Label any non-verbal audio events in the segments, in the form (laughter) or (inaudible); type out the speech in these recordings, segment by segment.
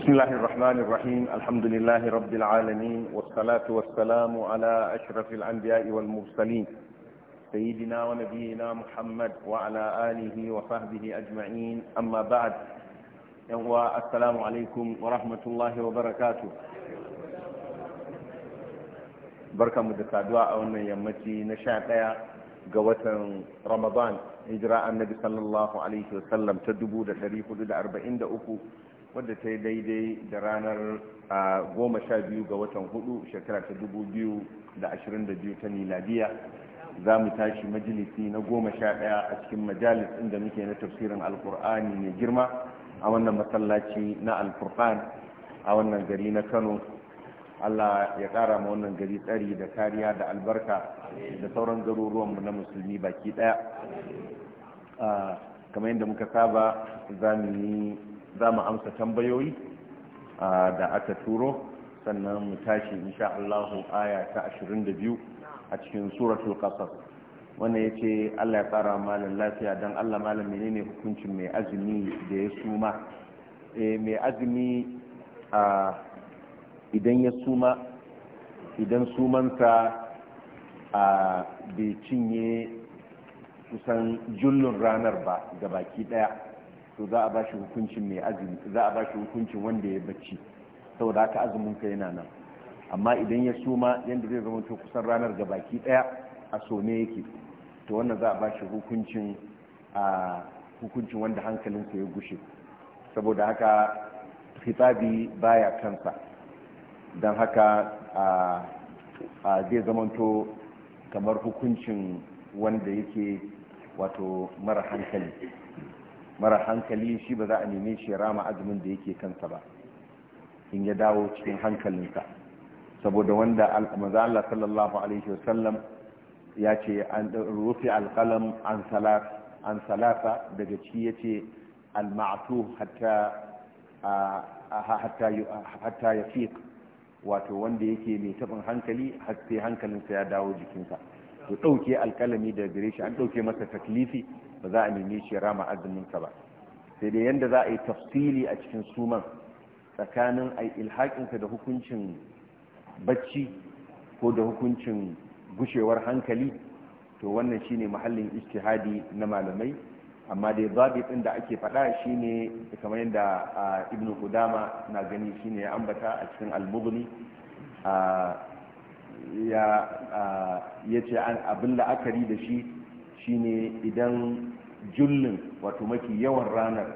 بسم الله الرحمن الرحيم الحمد لله رب العالمين والصلاة والسلام على أشرف الأنبياء والمرسلين سيدنا ونبينا محمد وعلى آله وصحبه أجمعين أما بعد السلام عليكم ورحمة الله وبركاته بركة مدتا دعاء يمتي نشاء قوة رمضان هجراء النبي صلى الله عليه وسلم تدبو دا شريف دا أربعين دا أفو wadda ta yi daidai da ranar goma sha biyu ga watan hudu shekara ta dubu biyu da ashirin da biyu ta miladiya za mu tashi majalisi na goma sha ɗaya a cikin majalis inda muke na tafsirin alkur'ani mai girma a wannan masallaci na alkur'an a wannan gari na kano allah ya kara ma wannan gari tsari da kariya da albarka da sauran mu na musulmi baki ɗaya kamar yadda muka saba za mu yi za mu amsa tambayoyi da aka turo sannan mu tashi insha Allah aya ta 22 a cikin suratul qasas ya yace Allah ya tsara malam lafiya dan Allah malam menene hukuncin mai azumi da ya suma eh mai azumi a idan ya suma idan sumansa a bai cinye kusan jullun ranar ba ga baki daya to za a ba shi hukuncin mai azumi za a ba shi hukuncin wanda ya bacci saboda haka azumin ka yana nan amma idan ya suma yadda zai zama to kusan ranar ga baki daya a some yake to wannan za a ba shi hukuncin a hukuncin wanda hankalinsa ya gushe saboda haka hisabi baya kansa don haka a zai zamanto kamar hukuncin wanda yake wato mara hankali mara hankali shi ba za a neme shi rama azumin da yake kansa ba in ya dawo cikin hankalinsa saboda wanda maza sallallahu alaihi wasallam ya ce an rufe alƙalam an salasa daga ci ya ce al-ma'atu hatta ya fiq wato wanda yake mai taɓin hankali har sai hankalinsa ya dawo jikinsa to ɗauke alkalami da gare shi an ɗauke masa taklifi ba za a neme shi rama azumin ka ba sai dai yanda za a yi tafsili a cikin suman tsakanin ai ilhaƙinka da hukuncin bacci ko da hukuncin gushewar hankali to wannan shine mahallin ijtihadi na malamai amma dai zabi din da ake faɗa shine kamar yadda ibn qudama na gani shine ya ambata a cikin al-mughni ya yace an abin la'akari da shi shine idan jullin wato mafi yawan ranar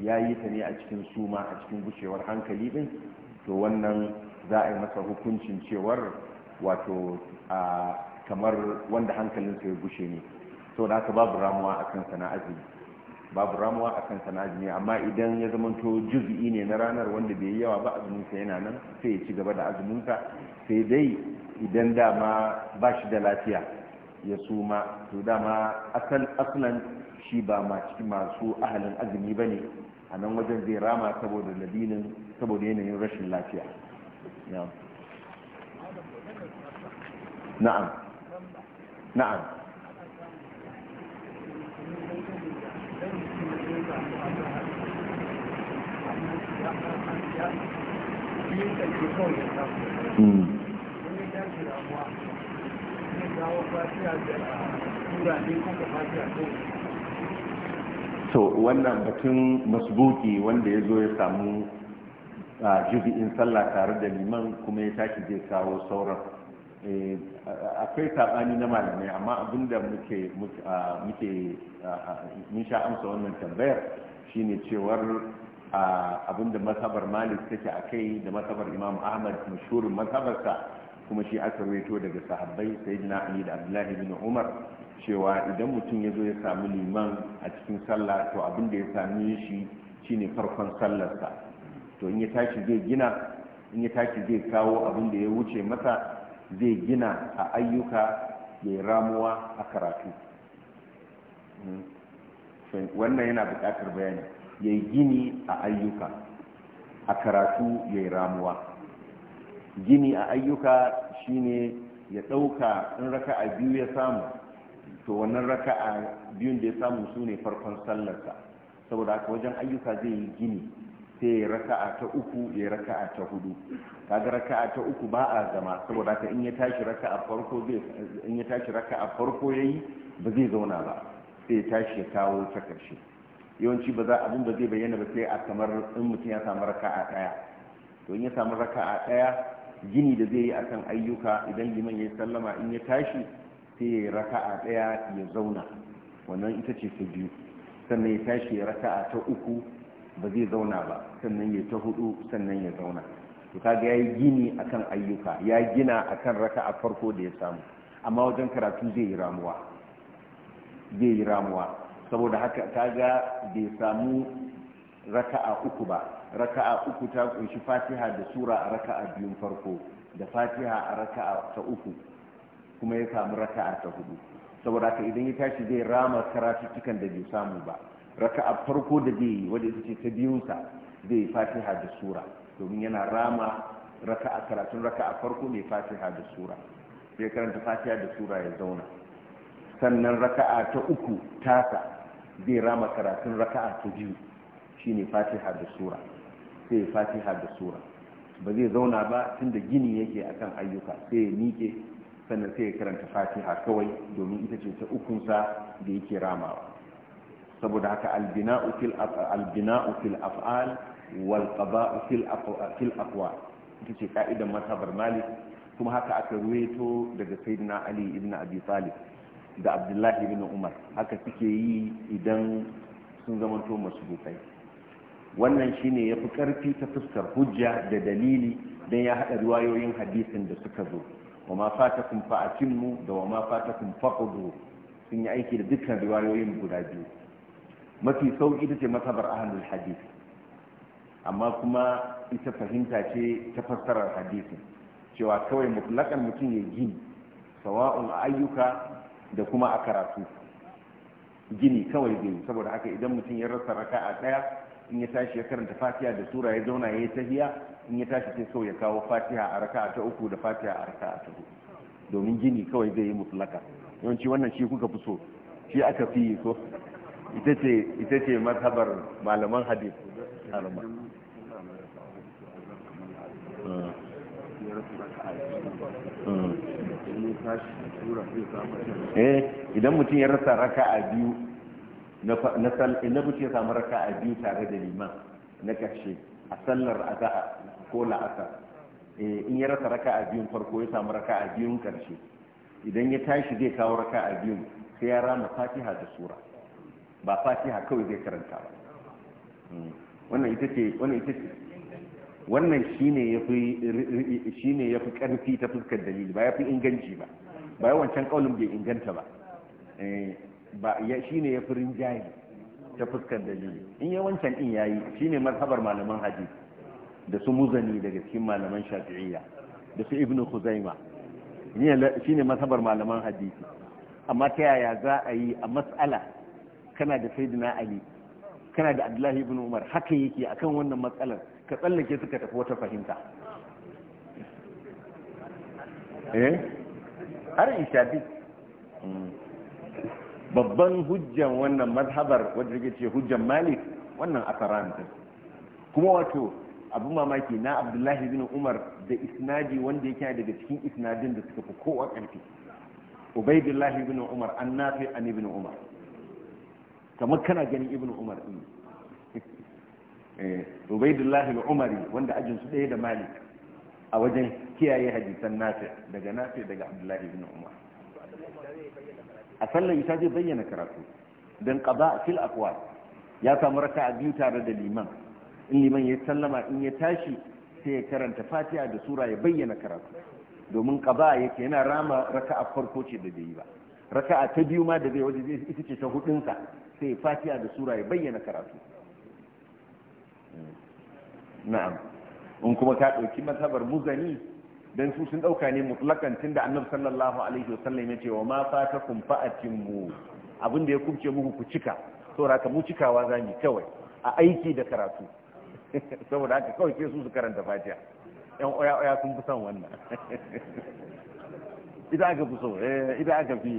ya yi ta ne a cikin suma a cikin gushewar hankali ɗin, to wannan za a yi masa hukuncin cewar wato a kamar wanda hankalinsa ya gushe ne to da haka babu ramuwa a kan sana'azi babu ramuwa a kan sana'azi ne amma idan ya zama zamanto juz'i ne na ranar wanda bai yi yawa ba azuminsa yana nan sai ya ci gaba da azuminsa sai dai idan dama ba shi da lafiya ya suma to dama asal aslan shi ba ma masu ahalin azumi ba ne a nan wajen zai rama saboda ladinin saboda yanayin rashin lafiya na'am na'am Mm. so wannan batun masbuki wanda ya zo ya samu a jubi'in sallah tare da liman kuma ya tashi zai kawo sauran eh, akwai saɓani na malamai amma abinda muke muke mun sha amsa wannan tambayar shine cewar abinda masabar malik take a kai da masabar imam ahmad mashurin masabarsa kuma shi aka reto daga sahabbai sayyidina ali da abdullahi bin umar cewa idan mutum ya zo ya sami liman a cikin sallah to abin da ya sami shi shine farkon sallarsa to in ya tashi zai gina in ya tashi zai kawo abin da ya wuce masa zai gina a ayyuka ya ramuwa a karatu hmm. wannan yana buƙatar bayani ya gini a ayyuka a karatu ya ramuwa gini a ayyuka shine ya ɗauka in raka'a biyu ya samu to wannan raka'a biyun da ya samu su ne farkon sallarsa saboda haka wajen ayyuka zai yi gini sai ya raka'a ta uku ya raka'a ta hudu kaga raka'a ta uku ba a zama saboda haka in ya tashi raka'a farko ya tashi yayi ba zai zauna ba sai ya tashi ya kawo ta karshe yawanci ba za abin ba zai bayyana ba sai a kamar in mutum ya samu raka'a ɗaya to in ya samu raka'a ɗaya. gini da zai yi akan ayyuka idan liman ya sallama in ya tashi sai ya raka'a daya ya zauna wannan ita ce ta biyu sannan ya tashi ya raka'a ta uku ba zai zauna ba sannan ya ta hudu sannan ya zauna to kaga yayi gini akan ayyuka ya gina akan raka'a farko da ya samu amma wajen karatu zai yi ramuwa zai yi ramuwa saboda haka kaga bai samu raka'a uku ba raka'a uku ta kunshi fatiha da sura a raka'a biyun farko da fatiha a raka'a ta uku kuma ya samu raka'a ta hudu saboda haka idan ya tashi zai rama karatuttukan da bai samu ba raka'a farko da zai yi wadda ita ce ta biyunsa zai fatiha da sura domin yana rama raka'a karatun raka'a farko mai fatiha da sura sai karanta fatiha da sura ya zauna sannan raka'a ta uku tasa zai rama karatun raka'a ta biyu shine fatiha da sura sai fatiha da sura ba zai zauna ba tunda gini yake akan ayyuka sai ya miƙe sannan sai ya karanta fatiha kawai domin ita ce ta ukunsa da yake ramawa saboda haka albina'u fil af'al wal qaba'u fil aqwa ita ce ka'idan mazhabar malik kuma haka aka ruweto daga sayyidina ali ibn abi talib da abdullahi ibn umar haka suke yi idan sun zamanto masu bukai wannan shine ya fi ƙarfi ta fuskar hujja da dalili don ya haɗa riwayoyin hadisin da suka zo wa ma fata fatakum fa'atimmu da wa ma fata fatakum faqudu sun yi aiki da dukkan riwayoyin guda biyu mafi sauƙi ta ce masabar ahlul hadith amma kuma ita fahimta ce ta fassarar hadisin cewa kawai mutlakan mutum ya gini sawa'un ayyuka da kuma a karatu gini kawai zai saboda haka idan mutum ya rasa raka a ɗaya in ya tashi ya karanta fatiha da sura ya zauna ya yi tahiya in ya tashi sai kawai ya kawo fatiha a raka'a ta uku da fatiha a raka'a ta hudu domin gini kawai zai yi mutlaka yawanci wannan shi kuka fi so shi aka fi so ita ce ita ce mazhabar malaman hadith alama hmm. hmm. eh idan mutum ya rasa raka'a biyu na buce samu raka a biyu tare da liman na ƙarshe a sallar aza'a ko la'asar eh, in ya rasa raka a biyun farko ya samu raka a biyun ƙarshe idan ya tashi zai kawo raka a biyun sai ya rama fatiha da sura ba fatiha kawai zai karanta ba hmm. wannan ita ce wannan ita ce wannan shine yafi shine yafi karfi ta fuskar dalili ba yafi inganci ba ba yawancan kaulin bai inganta ba eh, ba ya shine ya furin jayi ta fuskar dalili in ya wancan din yayi shine mazhabar malaman hadisi da su muzani daga cikin malaman shafi'iyya da su ibnu khuzaima shine mazhabar malaman hadisi amma ta yaya za a yi a mas'ala kana da sayyidina ali kana da abdullahi ibnu umar haka yake akan wannan matsalar ka tsallake suka tafi wata fahimta eh har ishabi babban hujjan wannan mazhabar wadda yake ce hujjan malik wannan asaran din kuma wato abu mamaki na abdullahi bin umar da isnadi wanda yake daga cikin isnadin da suka fi kowa ƙarfi ubaidullahi bin umar an an ibn umar kamar kana ganin ibn umar din (laughs) eh ubaidullahi bin Umar wanda ajin su ɗaya da malik a wajen kiyaye hadisan nafi daga nafi daga abdullahi bin umar a sallan ita zai bayyana karatu don a fil ya samu raka'a biyu tare da liman in liman ya sallama in ya tashi sai ya karanta Fatiya da sura ya bayyana karatu domin ƙaba'a yake yana rama raka'a farko ce da bai ba raka'a ta biyu ma da zai waje zai ita ce ta hudunsa sai fatiha da sura ya bayyana karatu hmm. na'am in kuma ka ɗauki masabar muzani dan su sun dauka ne mutlakan tunda annabi sallallahu alaihi wasallam ce wa ma fatakum fa'atimmu abin da ya kubce muku ku cika saboda ka mu cikawa zamu kawai a aiki da karatu (laughs) saboda haka kawai ke su su karanta fatiha yan oya oya sun fi son wannan (laughs) idan aka fi so eh, idan aka fi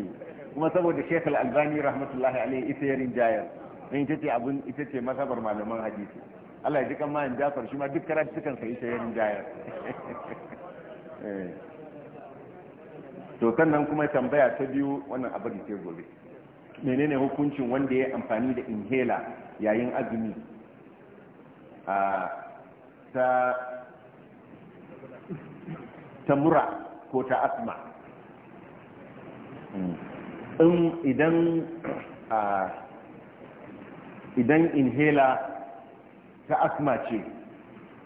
kuma saboda Sheikh albani rahmatullahi alaihi ita yarin jayar dan ita ce abin ita ce masabar malaman hadisi Allah ya ji kan ma Jafar shi ma duk karatu sukan sai ita yarin jayar (laughs) Eh. to nan kuma tambaya ta biyu wannan abin da ke gobe menene hukuncin wanda ya amfani da inhaler yayin azumi a ah, ta ta mura ko ta asma hmm. in idan a ah, idan inhaler ta asma ce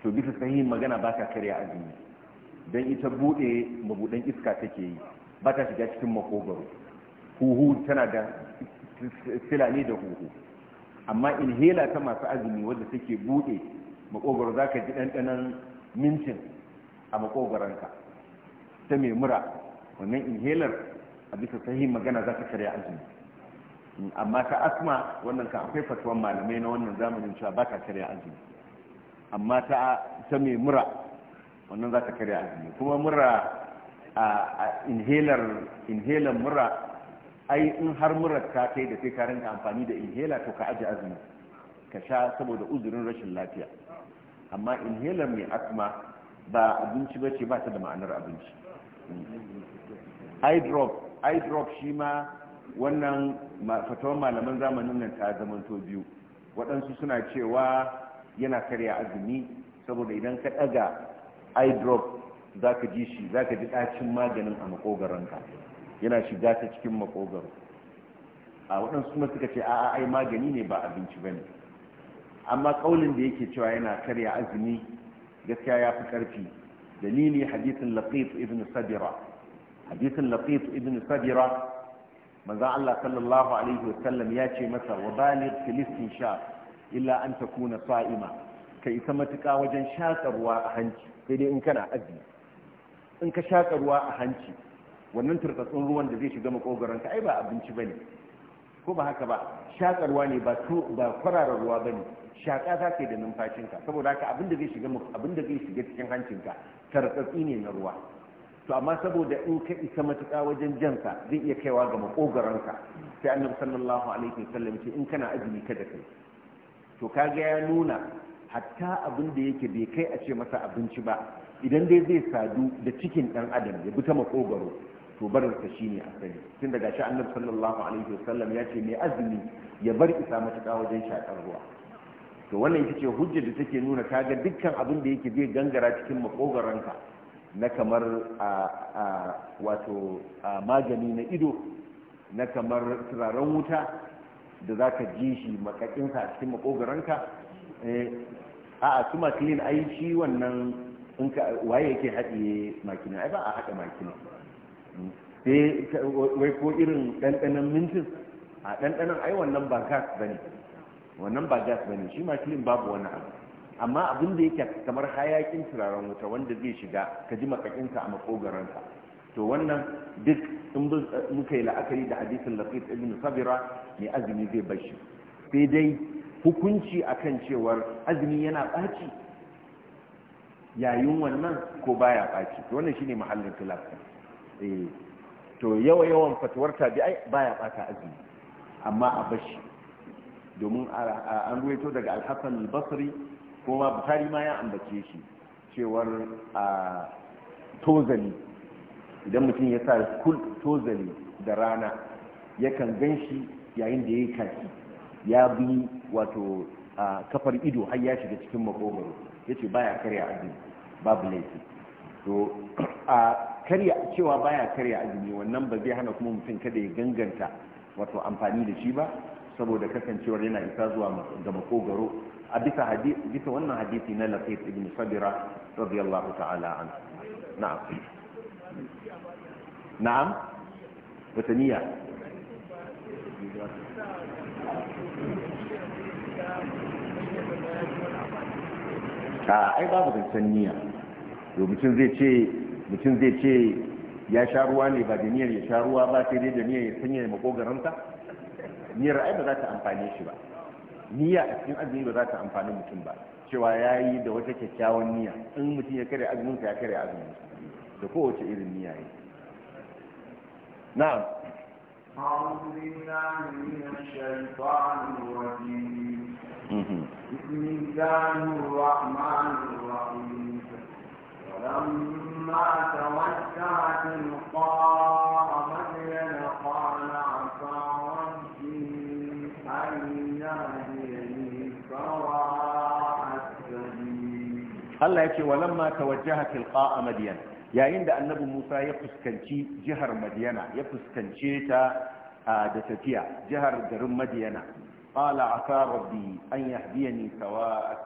to bisa sahihin magana ba ka karya azumi don ita bude mabudan iska take yi ba ta shiga cikin makogaro huhu tana da sila da huhu amma inhaler ta masu azumi wadda take bude makogaro za ka ji ɗanɗanan mintin a makogaranka ta mai mura wannan inhaler a bisa sahi magana za ta karya azumi amma ta asma wannan ka akwai fatuwan malamai na wannan zamanin cewa ba ta karya azumi amma ta mai mura wannan za ta karya azumi kuma mura a inhalar mura ai in har mura ta kai da sai ka amfani da inhaler to ka aji azumi ka sha saboda uzurin rashin lafiya amma inhaler mai asma ba abinci ba ce ba ta da ma'anar abinci eye drop shi ma wannan fatawar malaman zamanin nan ta zamanto biyu waɗansu suna cewa yana karya azumi saboda idan ka ɗaga eye drop za ka ji shi za ka ji ɗacin maganin a makogaranka yana shiga ta cikin makogaro a waɗansu kuma suka ce a'a ai magani ne ba abinci ba ne amma ƙaunin da yake cewa yana karya azumi gaskiya ya fi ƙarfi dalili hadisin laqif ibn sabira hadisin laqif ibn sabira manzo Allah sallallahu alaihi sallam ya ce masa wa baligh filistin sha illa an takuna sa'ima ka isa matuka wajen shaƙa ruwa a hanci sai dai in kana azumi in ka shaƙa ruwa a hanci wannan turtatsun ruwan da zai shiga ka ai ba abinci bane ko ba haka ba shaƙa ruwa ne ba ba kwararar ruwa bane shaƙa za ka yi da numfashinka saboda haka abin da zai shiga abin da zai shiga cikin hancinka tartsatsi ne na ruwa to amma saboda in ka isa matuƙa wajen jansa zai iya kaiwa ga ka sai annabi sallallahu alaihi wasallam ce in kana azumi kada kai to kaga ya nuna hatta abin da yake bai kai a ce masa abinci ba idan dai zai sadu da cikin dan adam ya bi ta makogaro to barinsa shine asali tun daga shi annabi sallallahu alaihi wasallam ya ce mai azumi ya bar isa matuƙa wajen shakar ruwa to wannan ita ce hujjar da take nuna kaga dukkan abin da yake zai gangara cikin makogaranka na kamar a wato a magani na ido na kamar turaren wuta da zaka ka ji shi makakin a cikin makogaranka Eh, a a su makilin ai shi wannan in ka waye yake haɗiye makina ai ba a haɗa makina sai wai ko irin ɗanɗanon mintin a ɗanɗanon ai wannan ba gas ba ne wannan ba gas ba shi makilin babu wani abu amma abin da yake kamar hayakin turaren wuta wanda zai shiga ka ji makakinka a makogaransa to wannan duk in muka yi la'akari da hadisin lafiyar ibn sabira mai azumi zai bashi sai dai hukunci akan cewar azumi yana ɓaci yayin wannan ko baya ɓaci wannan shine mahallin khilaf eh to yawa yawan fatuwar tabi'ai baya ɓata azumi amma a bashi domin an ruwaito daga alhassan al-basri kuma buhari ma ya ambace shi cewar a tozali idan mutum ya sa kul tozali da rana yakan gan shi yayin da ya yi kaki ya bi wato a kafar ido har ya shiga cikin makogaro ya ce baya karya azumi babu laifi to a karya cewa baya karya azumi wannan ba zai hana kuma mutum kada ya ganganta wato amfani da shi ba saboda kasancewar yana isa zuwa ga makogaro a bisa hadisi bisa wannan hadisi na lafiyar ibn sabira radiyallahu ta'ala an na'am na'am niyya a ai babu zancen niyya to mutum zai ce mutum zai ce ya sha ruwa ne ba da niyyar ya sha ruwa ba sai dai da niyyar ya sanya makogaransa niyyar ai ba za ta amfane shi ba niyya a cikin azumi ba za ta amfani mutum ba cewa ya yi da wata kyakkyawan niyya in mutum ya karya azuminsa ya karya azumin da kowace irin niyya ne na'am أعوذ بالله من الشيطان الرجيم Mm-hmm. Allah ya ce wa lamma tawajjaha tilqa a Madiyan yayin da Annabi Musa ya fuskanci jihar Madiyana ya fuskance ta da tafiya jihar garin Madiyana qala asa rabbi an yahdiyani sawa as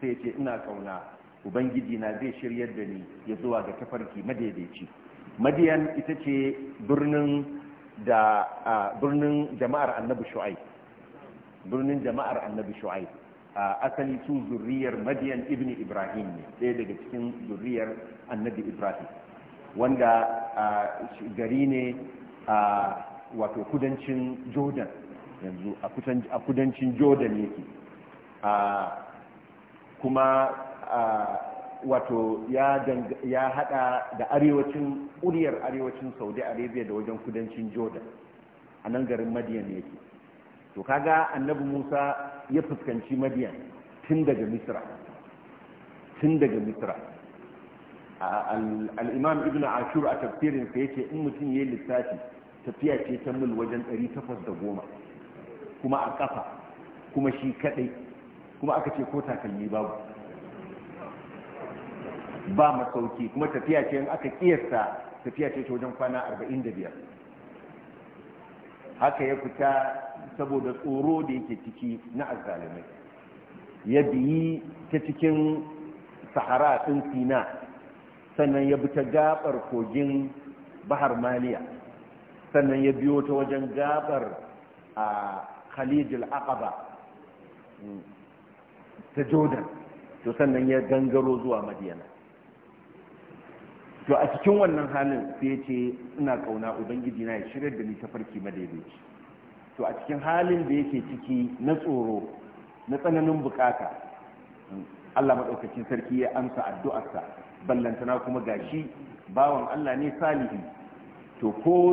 sai ce ina kauna ubangiji na zai shiryar da ni ya zuwa ga tafarki madaidaici madiyan ita ce birnin da birnin jama'ar annabi shu'aib birnin jama'ar annabi a asali su zuriyar madiyan ibn ibrahim ne ɗaya daga cikin zuriyar annabi ibrahim wanda gari ne wato kudancin jordan yanzu a kudancin jordan yake kuma wato ya hada da arewacin uriyar arewacin saudi arabia da wajen kudancin jordan a nan garin madiyan yake to kaga annabi musa ya fuskanci madiyan tun daga misra tun daga misra al'imam ibn ashur a tafsirinsa ya ce in mutum ya yi lissafi tafiya ce ta mil wajen 810 kuma a ƙafa, kuma shi kadai kuma aka ce ko takalmi babu ba masauki kuma tafiya ce in aka kiyasta tafiya ce wajen kwana 45 haka ya fita saboda tsoro da yake ciki na azzalimai ya biyi ta cikin sahara ɗin sina sannan ya bi ta gabar kogin bahar maliya sannan ya biyo ta wajen gabar a khalijul aqaba mm, ta jordan to sannan ya gangaro zuwa madiyana to a cikin wannan halin sai ya ce ina kauna ubangiji na ya shirya da ni ta farki madaidaici to a cikin halin da yake ciki na tsoro na tsananin bukata mm, Allah maɗaukacin sarki ya amsa addu'arsa ballantana kuma gashi bawan Allah ne salihi to ko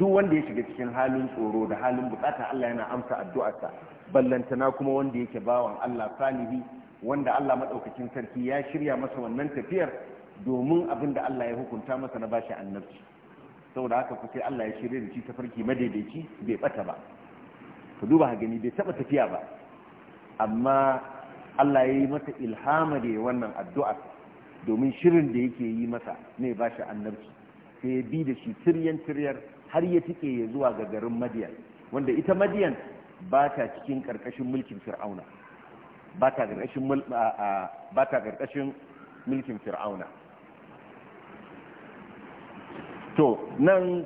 duk wanda ya shiga cikin halin tsoro da halin bukata Allah yana amsa addu'arsa ballantana kuma wanda yake bawan Allah salihi wanda Allah madaukakin sarki ya shirya masa wannan tafiyar domin abin da Allah ya hukunta masa na bashi annabci saboda haka ku sai Allah ya shirya da shi tafarki madaidaici bai bata ba ka duba ha gani bai taba tafiya ba amma Allah ya yi masa ilhama da wannan addu'a domin shirin da yake yi masa ne bashi annabci sai ya bi da shi tiryan tiryar har ya tike ya zuwa ga garin madiyan wanda ita madiyan ba ta cikin karkashin mulkin fir'auna ba ta karkashin mulkin fir'auna to nan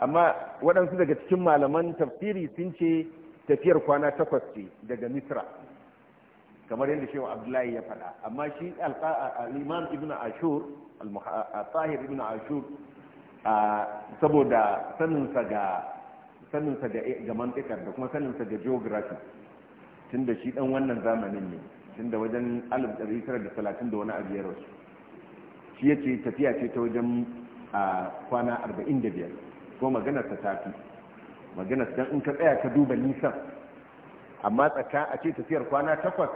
amma waɗansu daga cikin malaman tafsiri sun ce tafiyar kwana takwas ce daga misra kamar yadda shehu abdullahi ya faɗa amma shi al-imam ibn ashur al-tahir ibn ashur saboda saninsa ga saninsa ga mantikar da kuma saninsa ga geography tun da shi dan wannan zamanin ne tun da wajen 1930 da wani abu ya rasu shi ya ce tafiya ce ta wajen kwana 45 ko magana ta tafi magana don in ka tsaya ka duba nisan amma tsaka a ce tafiyar kwana takwas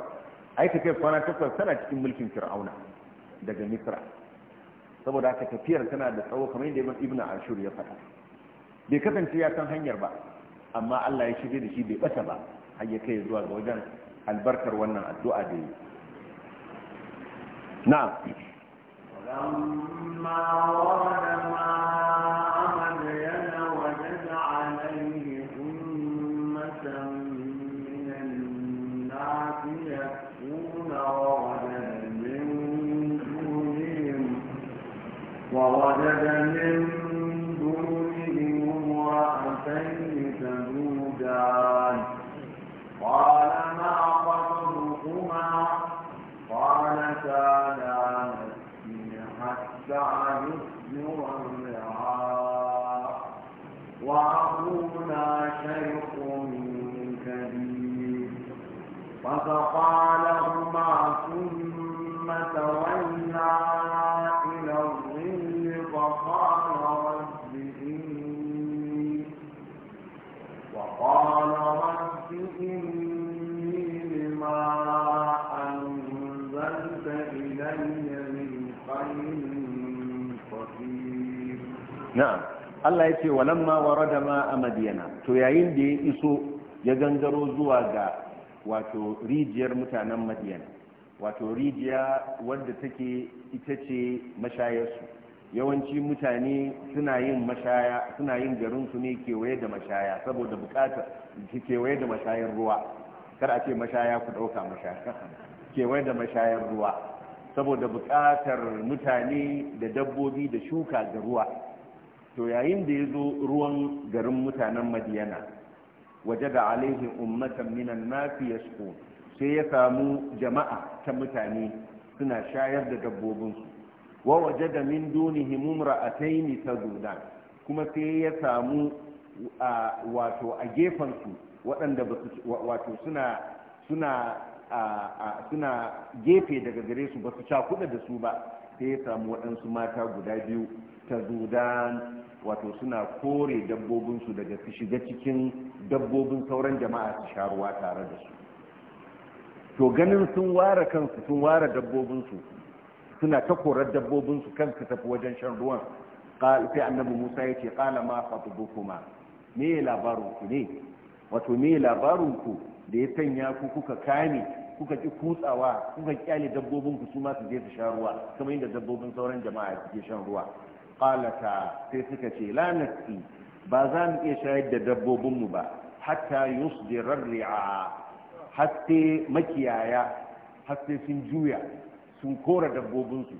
ai kai kwana takwas tana cikin mulkin fir'auna daga misra saboda haka tafiyar tana da tsawo kamar yadda ibn ashur ya faɗa bai kasance ya san hanyar ba amma Allah ya shirye da shi bai bata ba har ya kai zuwa ga wajen albarkar wannan addu'a da yi na'am العالمين na'am Allah ya ce walamma warada ma a madiyana to yayin da ya iso ya gangaro zuwa ga wato rijiyar mutanen madiyana wato rijiya wadda take ita ce mashayarsu yawanci mutane suna yin mashaya suna yin garinsu ne kewaye da mashaya saboda bukatar kewaye da mashayar ruwa kar a ce mashaya ku ɗauka mashaya (laughs) kewaye da mashayar ruwa saboda bukatar mutane da dabbobi da shuka da ruwa to yayin da ya zo ruwan garin mutanen madiyana waje da alaihi ummatan minan nafi ya sai ya samu jama'a ta mutane suna shayar da dabbobinsu wa waje da min dunihim ta tazudan kuma sai ya samu wato a gefansu waɗanda wato suna suna suna gefe daga gare su ba su cakuɗa da su ba sai ya samu waɗansu mata guda biyu ta zudan wato suna kore dabbobinsu daga su shiga cikin dabbobin sauran jama'a su sha ruwa tare da su to ganin sun ware kansu sun ware dabbobinsu suna ta korar dabbobinsu kansu tafi wajen shan ruwan sai annabi musa ya ce kala ma fatubu kuma me ku ne wato me ku da ya sanya ku kuka kame kuka ki kutsawa kuka kyale dabbobinku su ma su je su sha ruwa kamar yadda dabbobin sauran jama'a suke shan ruwa qalata sai suka ce la nafsi ba za mu iya shayar da dabbobinmu ba hatta yusdirar ri'a hatta makiyaya hatta sun juya sun kora dabbobinsu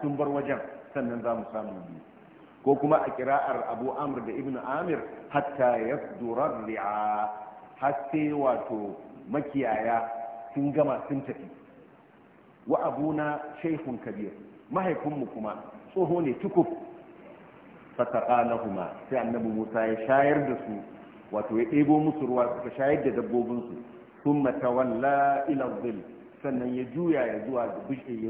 sun bar wajen sannan za mu samu biyu ko kuma a kira'ar abu amr da ibn amir hatta yasdurar ri'a hatta wato makiyaya sun gama sun tafi wa na shaykhun kabir mahaifinmu kuma tsoho ne tukuf fataka sai annabi musa ya shayar da su wato ya ɗebo musu ruwa suka shayar da dabbobinsu sun matawalla ila sannan ya juya ya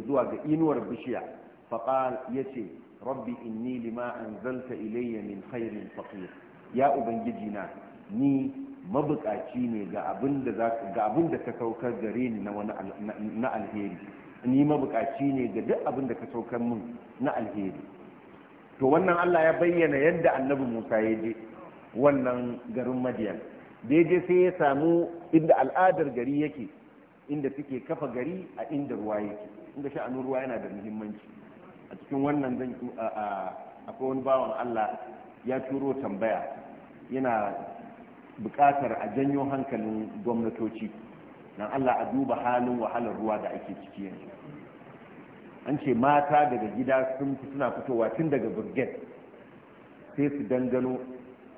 zuwa ga inuwar bishiya faƙal ya ce rabbi inni lima anzalta ilayya min khairin faqir ya ubangiji na ni mabukaci ne ga abin da ka saukar gare ni na alheri ni mabukaci ne ga duk abin da ka saukar mun na alheri to wannan Allah ya bayyana yadda annabi Musa ya je wannan garin Madian da je sai ya samu inda al'adar gari yake inda suke kafa gari a inda ruwa yake inda sha'anin ruwa yana da muhimmanci a cikin wannan zan akwai wani bawan Allah ya turo tambaya yana buƙatar a janyo hankalin gwamnatoci dan Allah a duba halin wahalar ruwa da ake ciki yanzu an ce mata daga gida sun fi suna fitowa tun daga burget sai su dangano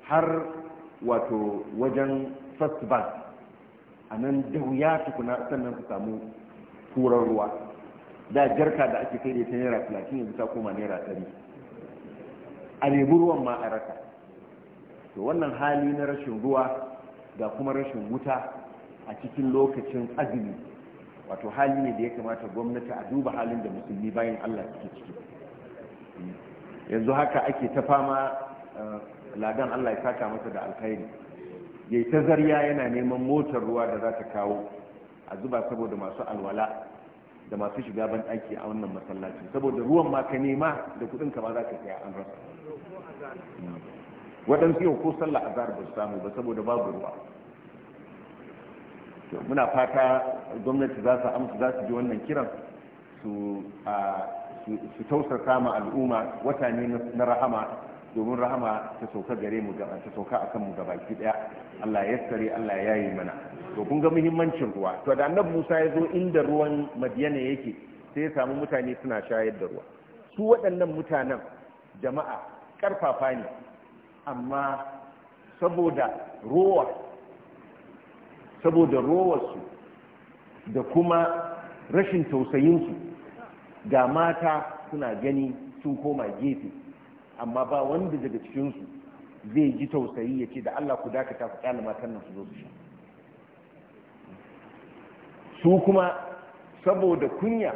har wato wajen first bank a nan da wuya tukuna sannan su samu turar ruwa da jarka da ake kai da ta naira talatin yanzu ta koma naira ɗari a nemi ruwan ma a raka to wannan hali na rashin ruwa ga kuma rashin wuta a cikin lokacin azumi wato hali ne da ya kamata gwamnati a duba halin da musulmi bayan allah suke ciki yanzu haka ake ta fama eh, ladan allah ya saka masa da alkhairi yayi ta zarya yana neman motar ruwa da za ta kawo a zuba saboda masu alwala da masu shiga ban aiki a wannan masallaci saboda ruwan ma ka nema da kudin ka ba za ka saya an rasa waɗansu yau ko sallah azhar ba su samu ba saboda babu ruwa muna fata gwamnati za su amsa za su ji wannan kiran su su ma al'umma wata ne na rahama domin rahama ta sauka gare mu ta sauka akan mu ki daya Allah ya yassare Allah ya yi mana to kun ga muhimmancin ruwa to da annabi Musa ya zo inda ruwan Madiyana yake sai ya samu mutane suna shayar da ruwa su waɗannan mutanen jama'a karfafa ne amma saboda ruwa saboda rowarsu da kuma rashin tausayinsu ga mata suna gani sun koma gefe amma ba wanda daga cikinsu zai ji tausayi ya ce da Allah ku dakata ku kyale matan nan su zo su sha su kuma saboda kunya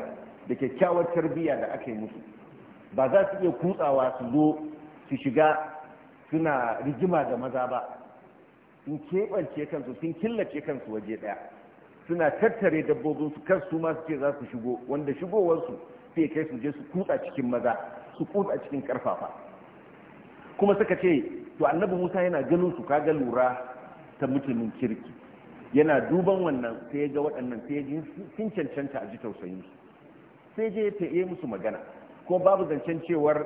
da kyakkyawar tarbiyya da aka yi musu ba za su iya kutsawa su zo su shiga suna rigima da maza ba In keɓance kansu sun killace kansu waje ɗaya suna tattare dabbobinsu kan su ma su ce za su shigo wanda shigowarsu sai kai su je su kutsa cikin maza su kutsa cikin karfafa kuma suka ce to annabi musa yana ganin su kaga lura ta mutumin kirki yana duban wannan sai ya ga waɗannan sai ya ji sun cancanta a ji tausayinsu, sai je ya yi musu magana ko babu zancen cewar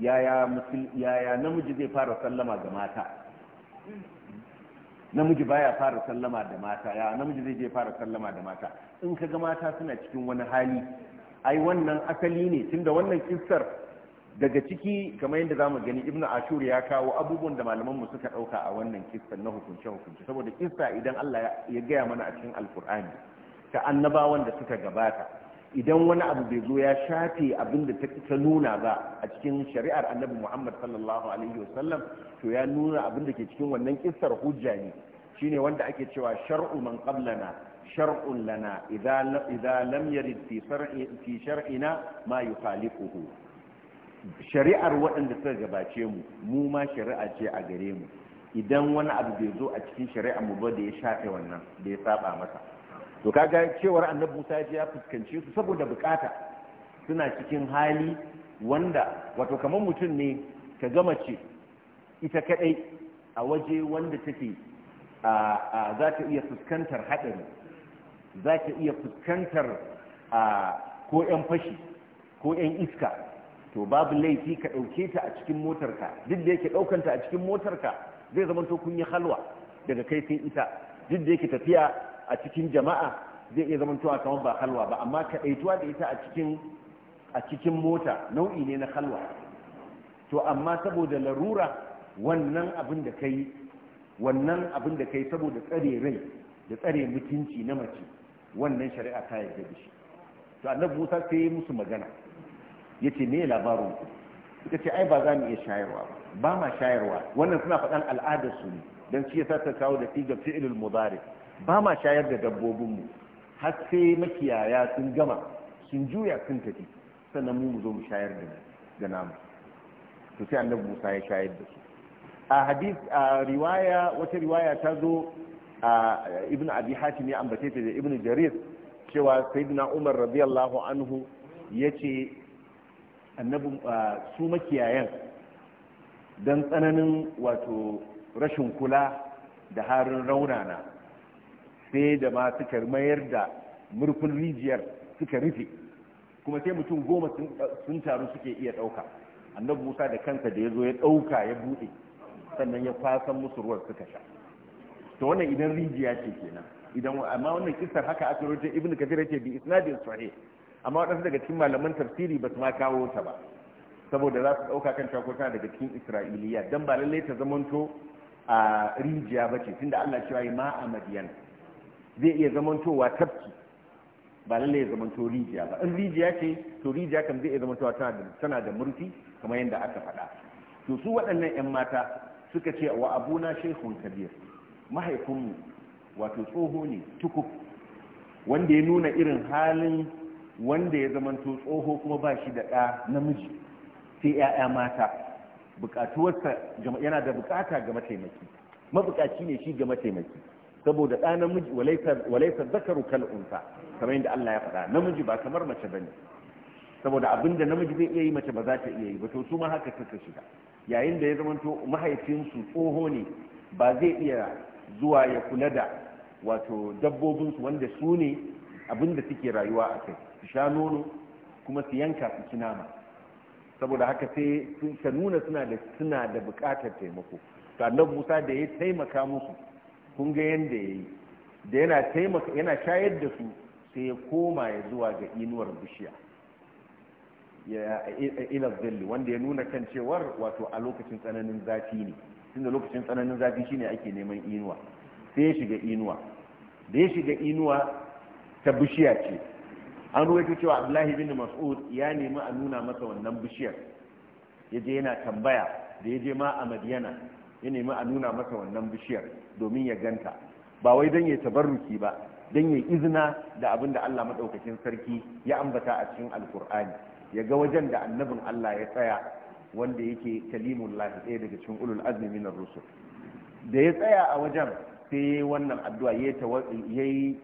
yaya namiji zai fara sallama ga mata namiji baya fara sallama da mata ya namiji zai je fara sallama da mata in ka ga mata suna cikin wani hali ai wannan asali ne tunda wannan kissar daga ciki kamar yadda zamu gani ibnu ashur ya kawo abubuwan da malaman mu suka dauka a wannan kissar na hukunce hukunce saboda kissa idan Allah ya gaya mana a cikin alqur'ani ta annabawan da suka gabata idan wani abu bai zo ya shafe abin da ta nuna ba a cikin shari'ar annabi muhammad sallallahu alaihi wasallam to ya nuna abin da ke cikin wannan kissar hujja ne shine wanda ake cewa shar'u man qablana shar'un lana idza lam yarid fi fi shar'ina ma yukhalifuhu shari'ar waɗanda suka gabace mu mu ma shari'a ce a gare mu idan wani abu bai zo a cikin shari'ar mu ba da ya shafe wannan da ya saba masa to kaga cewar annabi Musa ya fuskance su saboda bukata suna cikin hali wanda wato kamar mutum ne ka gama ce ita kadai a waje wanda take a za ta iya fuskantar haɗari za ta iya fuskantar ko 'yan fashi ko 'yan iska to babu laifi ka ɗauke ta a cikin motarka duk da yake ɗaukanta a cikin motarka zai zama to kun yi halwa daga kai sai ita duk da yake tafiya a cikin jama'a zai iya zamantowa kamar ba halwa ba amma kaɗaituwa da ita a cikin mota nau'i ne na halwa to amma saboda larura wannan abin da kai wannan abin da kai saboda tsare rai da tsare mutunci na mace wannan shari'a ta yarda da shi to annabi Musa sai ya musu magana yace me labarin ku suka ce ai ba za mu iya shayarwa ba ba ma shayarwa wannan suna faɗan al'adar su ne dan shi yasa ta kawo da fi ga fi'ilul mudari ba ma shayar da dabbobinmu har sai makiyaya sun gama sun juya sun tafi sannan mu mu zo mu shayar da da namu to sai annabi Musa ya shayar da su a hadith a riwaya wata riwaya ta zo a ibnu abi hatim ya ambace ta da ibnu jarir cewa sayyidina umar radiyallahu anhu yace annabi su makiyayan dan tsananin wato rashin kula da harin raunana sai da ma suka mayar da murfin rijiyar suka rufe kuma sai mutum goma sun taru suke iya ɗauka annabi musa da kansa da ya zo ya ɗauka ya buɗe sannan ya fasan musu ruwan suka sha to wannan idan rijiya ce kenan idan amma wannan kisar haka aka rubuta ibnu kathir yake bi isnadin sahih amma wadansu daga cikin malaman tafsiri ba su ma kawo ta ba saboda za su ɗauka kan cewa tana daga cikin isra'iliya dan ba lallai ta zamanto a rijiya ba ce tunda Allah cewa ma a madiyan zai iya zamantowa tafki ba lallai ya zamanto rijiya ba in rijiya ce to rijiya kan zai iya zamantowa tana da murfi kamar yadda aka faɗa to su waɗannan 'yan mata suka ce wa abuna shehun kabir mahaifinmu wato tsoho ne tukuf wanda ya nuna irin halin wanda ya zamanto tsoho kuma ba shi da ɗa namiji sai 'ya'ya mata bukatuwarsa yana da bukata ga mataimaki mabukaci ne shi ga mataimaki saboda ɗa namiji walaisa zakaru kal unsa kamar yadda Allah ya faɗa namiji ba kamar mace bane saboda abin da namiji zai iya yi mace ba za ta iya yi ba to su ma haka suka shiga yayin da ya zamanto mahaifinsu tsoho ne ba zai iya zuwa ya kula da wato dabbobinsu wanda su ne abin da suke rayuwa a kai su sha nono kuma su yanka su ci nama saboda haka sai ka nuna suna da suna da buƙatar taimako to annabi Musa da ya taimaka musu kun ga yadda ya yi da yana taimaka yana shayar da su sai ya koma ya zuwa ga inuwar bishiya ila zalli wanda ya nuna kan cewar wato a lokacin tsananin zafi ne tunda lokacin tsananin zafi shine ake neman inuwa sai ya shiga inuwa da ya shiga inuwa ta bishiya ce an ruwaito cewa abdullahi bin mas'ud ya nemi a nuna masa wannan bishiyar ya je yana tambaya da ya je ma a madiyana ya nemi a nuna masa wannan bishiyar domin ya ganta ba wai don ya tabarruki ba don ya izina da abin da Allah maɗaukacin sarki ya ambata a cikin alkur'ani ya ga wajen da annabin Allah ya tsaya wanda yake kalimun lahi ɗaya daga cikin ulul azumi na rusul da ya tsaya a wajen sai ya wannan addu'a ya yi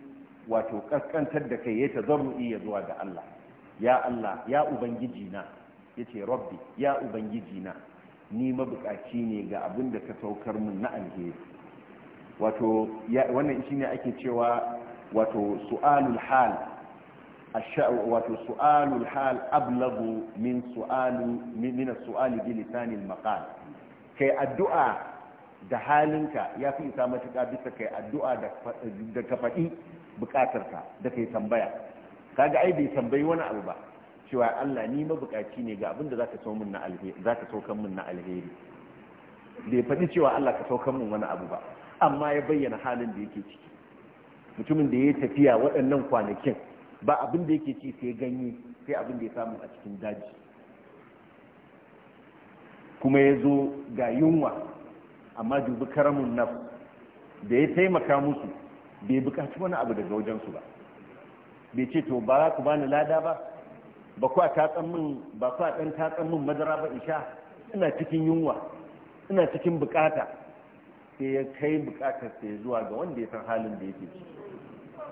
wato kaskantar da kai ya tazarru'i iya zuwa ga Allah ya Allah ya ubangiji na ce rabbi ya ubangiji na ni mabukaci ne ga abin da ka saukar mun na alheri wato wannan ne ake cewa wato su'alul hal wato su'alul hal ablagu min su'alu min su'ali bi lisanil maqal kai addu'a da halinka ya fi isa matuƙa bisa kai addu'a da ka faɗi bukatarka da kai tambaya kaga ai bai tambayi wani abu ba cewa Allah ni mabukaci ne ga abin da zaka so min na alheri zaka saukan min na alheri bai faɗi cewa Allah ka saukan min wani abu ba amma ya bayyana halin da yake ciki mutumin da ya tafiya waɗannan kwanakin ba abin da yake ci sai ganye sai abin da ya samu a cikin daji kuma ya zo ga yunwa amma dubi karamin naf da ya taimaka musu bai bukaci wani abu daga wajensu ba bai ce to ba ku bani lada ba ba kwa tatsan min ba kwa dan tatsan min madara ba isha ina cikin yunwa ina cikin bukata sai ya kai bukatar sai zuwa ga wanda ya san halin da yake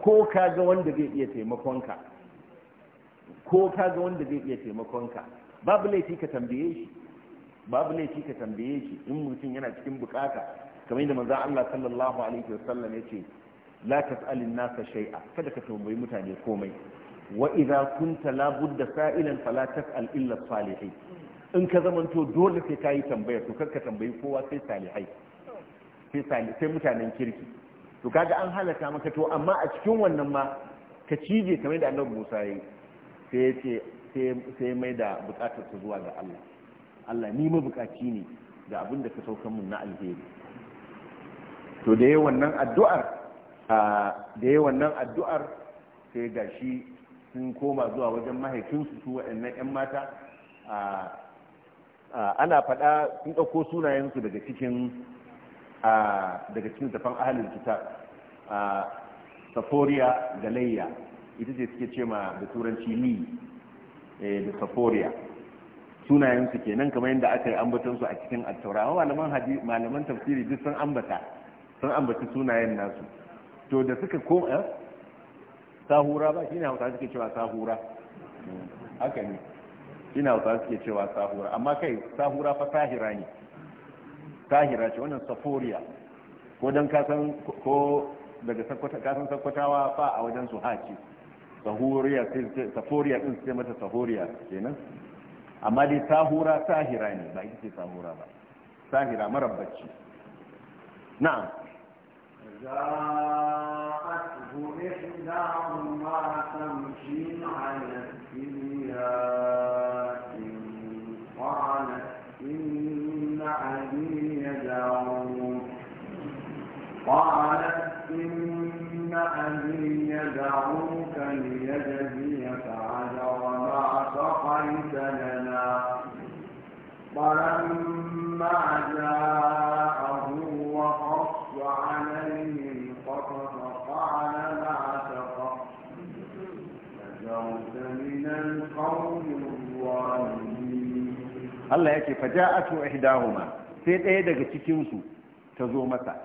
ko ka ga wanda zai iya taimakonka ko ka ga wanda zai iya taimakonka babu laifi ka tambaye shi babu laifi ka tambaye shi in mutum yana cikin bukata kamar yadda manzon Allah sallallahu alaihi wasallam yace la tas'alin nasa shay'a kada ka tambayi mutane komai wa idza kunta la budda sa'ilan fala tas'al illa salihai in ka zamanto dole sai ka yi tambaya to karka tambayi kowa sai salihai sai mutanen kirki to kaga an halaka maka to amma a cikin wannan ma ka cije kamar da Annabi Musa yi sai yace sai mai da bukatar ta zuwa ga Allah Allah ni mabukaci ne da abin da ka sauka mun na alheri to da yayin wannan addu'ar da yayin wannan addu'ar sai gashi sun koma zuwa wajen mahaifinsu su waɗannan 'yan mata ana faɗa sun ɗauko sunayensu daga cikin daga cikin tafan ahalin kitab saforiya da layya ita ce suke ce ma da turanci ni eh, da saforiya sunayensu kenan kamar yadda aka yi ambatansu a cikin attaura malaman malaman tafsiri duk sun ambata sun ambaci sunayen nasu to da suka koma sahura ba shine hausa suke cewa sahura haka ne shine hausa suke cewa sahura amma kai sahura fa sahira ne sahira ce wannan saforiya ko dan kasan ko daga kasan sakkwatawa fa a wajen su haci sahuriya saforiya din sai mata sahuriya kenan amma dai sahura sahira ne ba ita ce sahura ba sahira marabbaci na'am إحداهما تمشي على الكبرياء قالت إن أبي يدعوك قالت إن أبي يدعوك ليجزيك عجر ما سقيت لنا فلما جاء Allah yake faja'atu ihdahuma sai ɗaya daga cikin su ta zo masa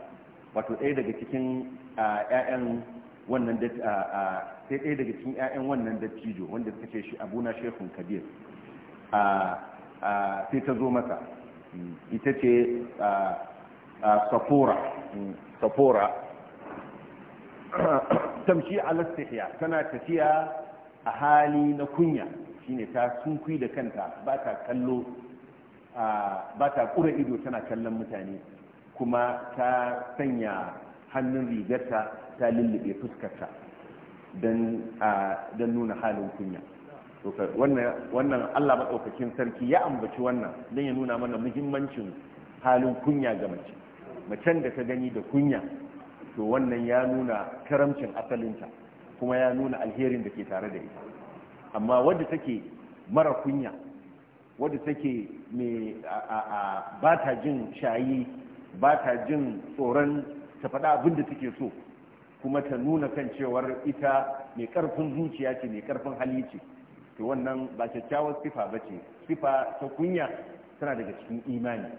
wato ɗaya daga cikin ƴaƴan wannan da sai ɗaya daga cikin ƴaƴan wannan dattijo wanda suka ce shi abuna shehun kabir sai ta zo masa ita ce safora safora tamshi ala tana tafiya a hali na kunya shine ta sunkui da kanta ba ta kallo ba ta kura ido tana kallon mutane kuma ta sanya hannun rigarta ta lullube fuskarta don nuna halin kunya wannan allah maɗaukakin sarki ya ambaci wannan don ya nuna mana muhimmancin halin kunya ga mace macen da ta gani da kunya to wannan ya nuna karamcin asalinta kuma ya nuna alherin da ke tare da ita amma wadda take mara kunya wadda take mai ba ta jin shayi ba ta jin tsoron ta faɗa abin da take so kuma ta nuna kan cewar ita mai ƙarfin zuciya ce mai ƙarfin hali ce to wannan ba kyakkyawar sifa ba ce sifa ta kunya tana daga cikin imani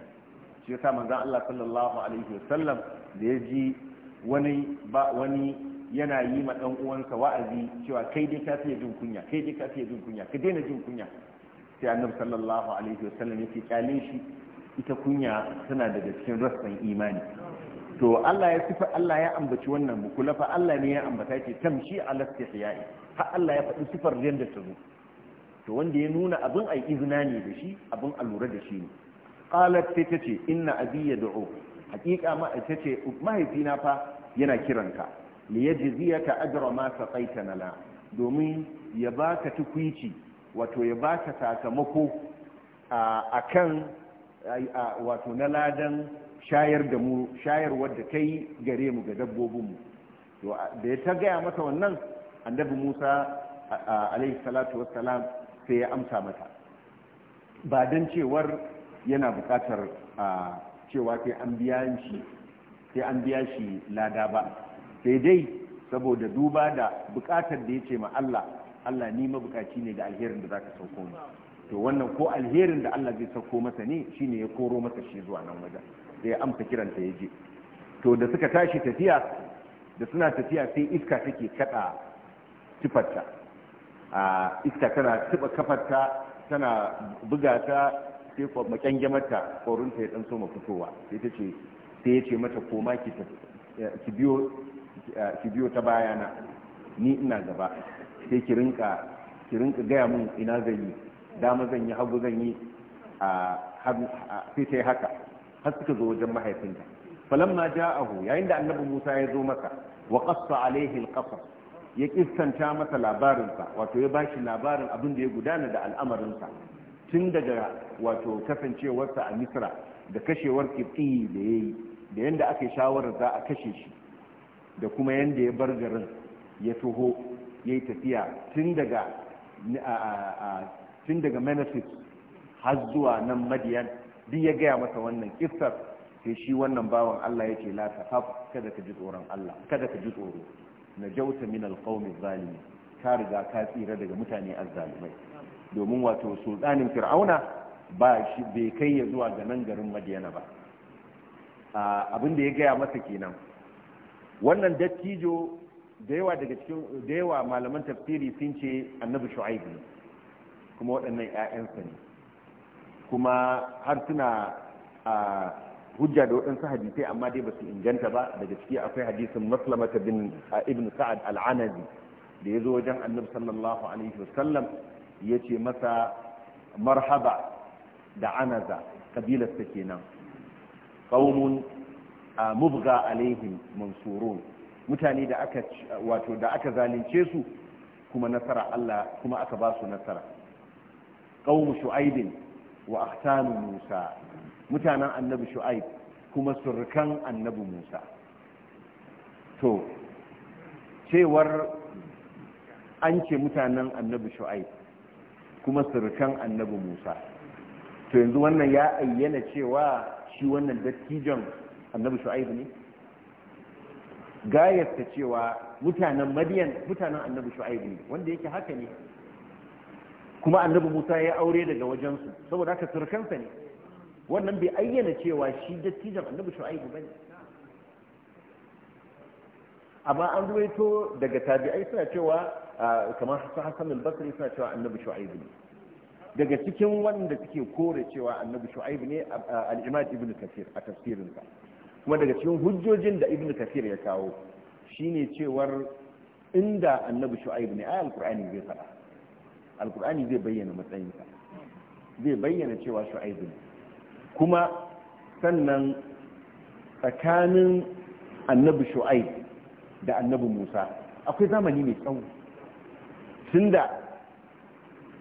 shi sa manzon Allah sallallahu alaihi wasallam da ya ji wani yana yi ma dan uwansa wa'azi cewa kai dai ka fiye jin kunya kai dai ka fiye jin kunya ka daina jin kunya sai annabi sallallahu alaihi wasallam yake kyale shi ita kunya tana daga cikin rassan imani to Allah ya sifa Allah ya ambaci wannan kula fa Allah ne ya ambata ce tamshi ala istihyai fa Allah ya faɗi sifar yanda ta zo to wanda ya nuna abin ai izna ne da shi abin alura da shi ne qalat sai tace inna abi yad'u haqiqa ma tace mahaifina fa yana kiranka liyajziyaka ajra ma saqaitana la domin ya baka tukwici wato ya baka sakamako akan wato na ladan shayar da mu shayar da kai gare mu ga mu to da ya ta gaya mata wannan annabi Musa alaihi salatu wassalam sai ya amsa mata ba dan cewar yana bukatar cewa sai an biya shi sai an biya shi lada ba sai dai saboda duba da bukatar da ya ce ma Allah Allah ni mabukaci ne da alherin da zaka sauko mu to wannan ko alherin da Allah zai sauko masa ne shine ya koro masa shi zuwa nan wajen sai ya amsa kiranta ya je to da suka tashi tafiya da suna tafiya sai iska take kada tifarta a iska tana tuba kafarta tana buga ta sai ko makyangamarta korinta ya dan so fitowa sai ta ce sai ya ce mata koma ki ki biyo ki biyo ta bayana ni ina gaba sai ki rinka ki rinka gaya mun ina zan yi dama zan yi hagu zan yi a sai ta haka har suka zo wajen mahaifinta falamma ja'ahu yayin da annabi Musa ya zo maka wa qassa alaihi alqasas ya kissanta masa labarinsa wato ya bashi labarin abin da ya gudana da al'amarinsa tun daga wato kasancewarsa a misra da kashewar kifi da ya yi da yadda aka yi shawarar za a kashe shi da kuma yadda ya bar garin ya ho, ya yi tafiya tun daga tun har zuwa nan madiyan duk ya gaya masa wannan kistar, sai shi wannan bawan Allah ya ce la kada ka ji tsoron Allah kada ka ji tsoro na jauta min alqawmi zalimi ka riga ka tsira daga mutane zalimai domin wato sultanin fir'auna ba shi bai kai ya zuwa ga nan garin madiyana ba abin ya gaya masa kenan wannan dattijo da yawa daga cikin da yawa malaman tafsiri sun ce annabi shu'aib ne kuma waɗannan ƴaƴansa ne kuma har suna a hujja da waɗansu hadisai amma dai ba su inganta ba daga ciki akwai hadisin maslamata bin ibn sa'ad al anabi da ya zo wajen annabi sallallahu alaihi wasallam ya ce masa marhaba da anaza kabilarsa kenan qaumun mubga alaihim mansurun mutane da aka wato da aka zalunce su kuma nasara Allah kuma aka ba su nasara qaum shu'aib wa ahtan musa mutanen annabi shu'aib kuma surkan annabi musa to cewar an ce mutanen annabi shu'aib kuma surkan annabi musa to yanzu wannan ya ayyana cewa shi wannan dattijon annabi shu'aib ne gayar ta cewa mutanen madiyan mutanen annabi shu'aibu ne wanda yake haka ne kuma annabi musa ya aure daga wajensu saboda haka surkansa ne wannan bai ayyana cewa shi dattijan annabi shu'aibu bane amma an ruwaito daga tabi'ai suna cewa kamar su hassan al-basri suna cewa annabi shu'aibu ne daga cikin wanda suke kore cewa annabi shu'aibu ne al-imam ibn kathir a tafsirinsa kuma daga cikin hujjojin da ibnu kafir ya kawo shine cewar inda annabi shu'aib ne ai alqur'ani zai fada alqur'ani zai bayyana matsayinsa zai bayyana cewa shu'aib ne kuma sannan tsakanin annabi shu'aib da annabi musa akwai zamani mai tsawo tunda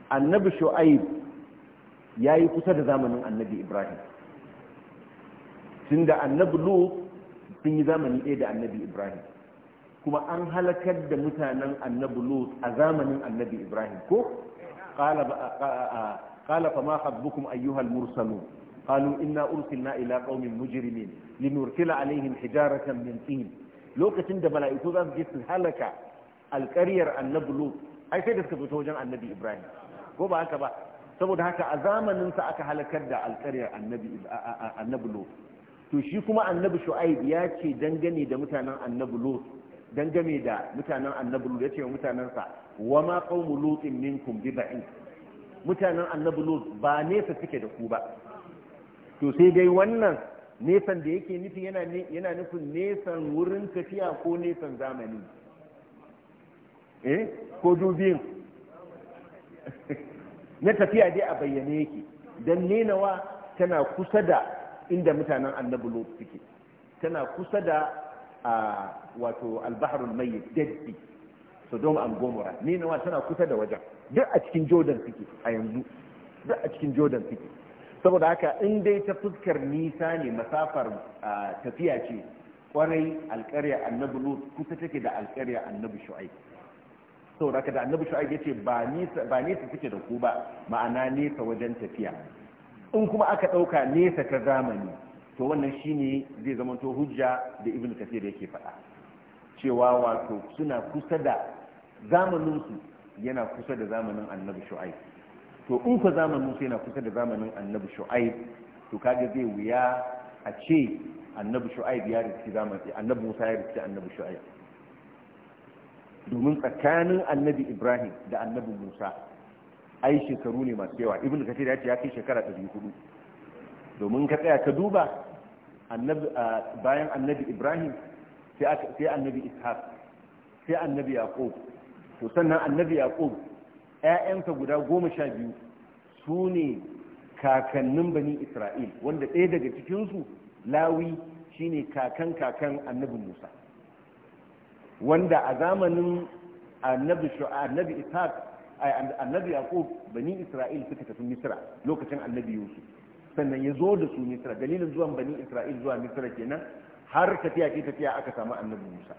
annabi shu'aib ya yi kusa da zamanin annabi ibrahim tun da annabi lu sun yi zamani ɗaya da annabi ibrahim kuma an halakar da mutanen annabi lu a zamanin annabi ibrahim ko kala fa ma hasbukum ayyuhal mursalu qalu inna ila qaumin mujrimin linursila alaihim hijaratan min lokacin da mala'iku za su je su halaka alƙaryar annabi lu ai sai da suka fito wajen annabi ibrahim ko ba haka ba saboda haka a zamaninsa aka halakar da alƙaryar annabi lu to shi kuma annabi shu'aib ya ce dangane da mutanen annabi lut dangane da mutanen annabi lut ya ce wa mutanensa wa ma qaumu lutin minkum bi ba'id mutanen annabi lut ba nesa suke da ku ba to sai dai wannan nesan da yake nufi yana yana nufin nesan wurin tafiya ko nesan zamani eh ko dubin (laughs) na tafiya dai a bayyane yake dan nenawa tana kusa da inda mutanen annabi lot suke tana kusa da wato albaharul mayyit dead sodom and gomorrah ne wata tana kusa da wajen duk a cikin jordan suke a yanzu duk a cikin jordan suke saboda haka in dai ta fuskar nisa ne masafar tafiya ce kwarai alƙarya annabi lot kusa take da alƙarya annabi shu'aib saboda haka da annabi shu'aib yace ba nisa ba nisa take da ku ba ma'ana nesa wajen tafiya in kuma aka ɗauka nesa ta zamani to wannan shine zai zama to hujja da ibn kafir yake faɗa cewa wato suna kusa da zamaninsu yana kusa da zamanin annabi shu'aib to in zamanin zamaninsu yana kusa da zamanin annabi shu'aib to kaga zai wuya a ce annabi shu'aib ya riski zamanin annabi musa ya riski annabi shu'aib domin tsakanin annabi ibrahim da annabi musa ai shekaru ne masu yawa ibn kathir ya ce ya kai shekara 400 domin ka tsaya ka duba bayan annabi ibrahim sai annabi ishaq sai annabi yaqub to sannan annabi yaqub ƴaƴansa guda goma sha biyu su ne kakannin bani isra'il wanda ɗaya daga cikin su lawi shine kakan kakan annabi musa wanda a zamanin annabi ishaq annabi yaqub bani isra'il suka tafi misra lokacin annabi yusuf sannan ya zo da su misra dalilin zuwan bani isra'il zuwa misra kenan har tafiya ke tafiya aka samu annabi musa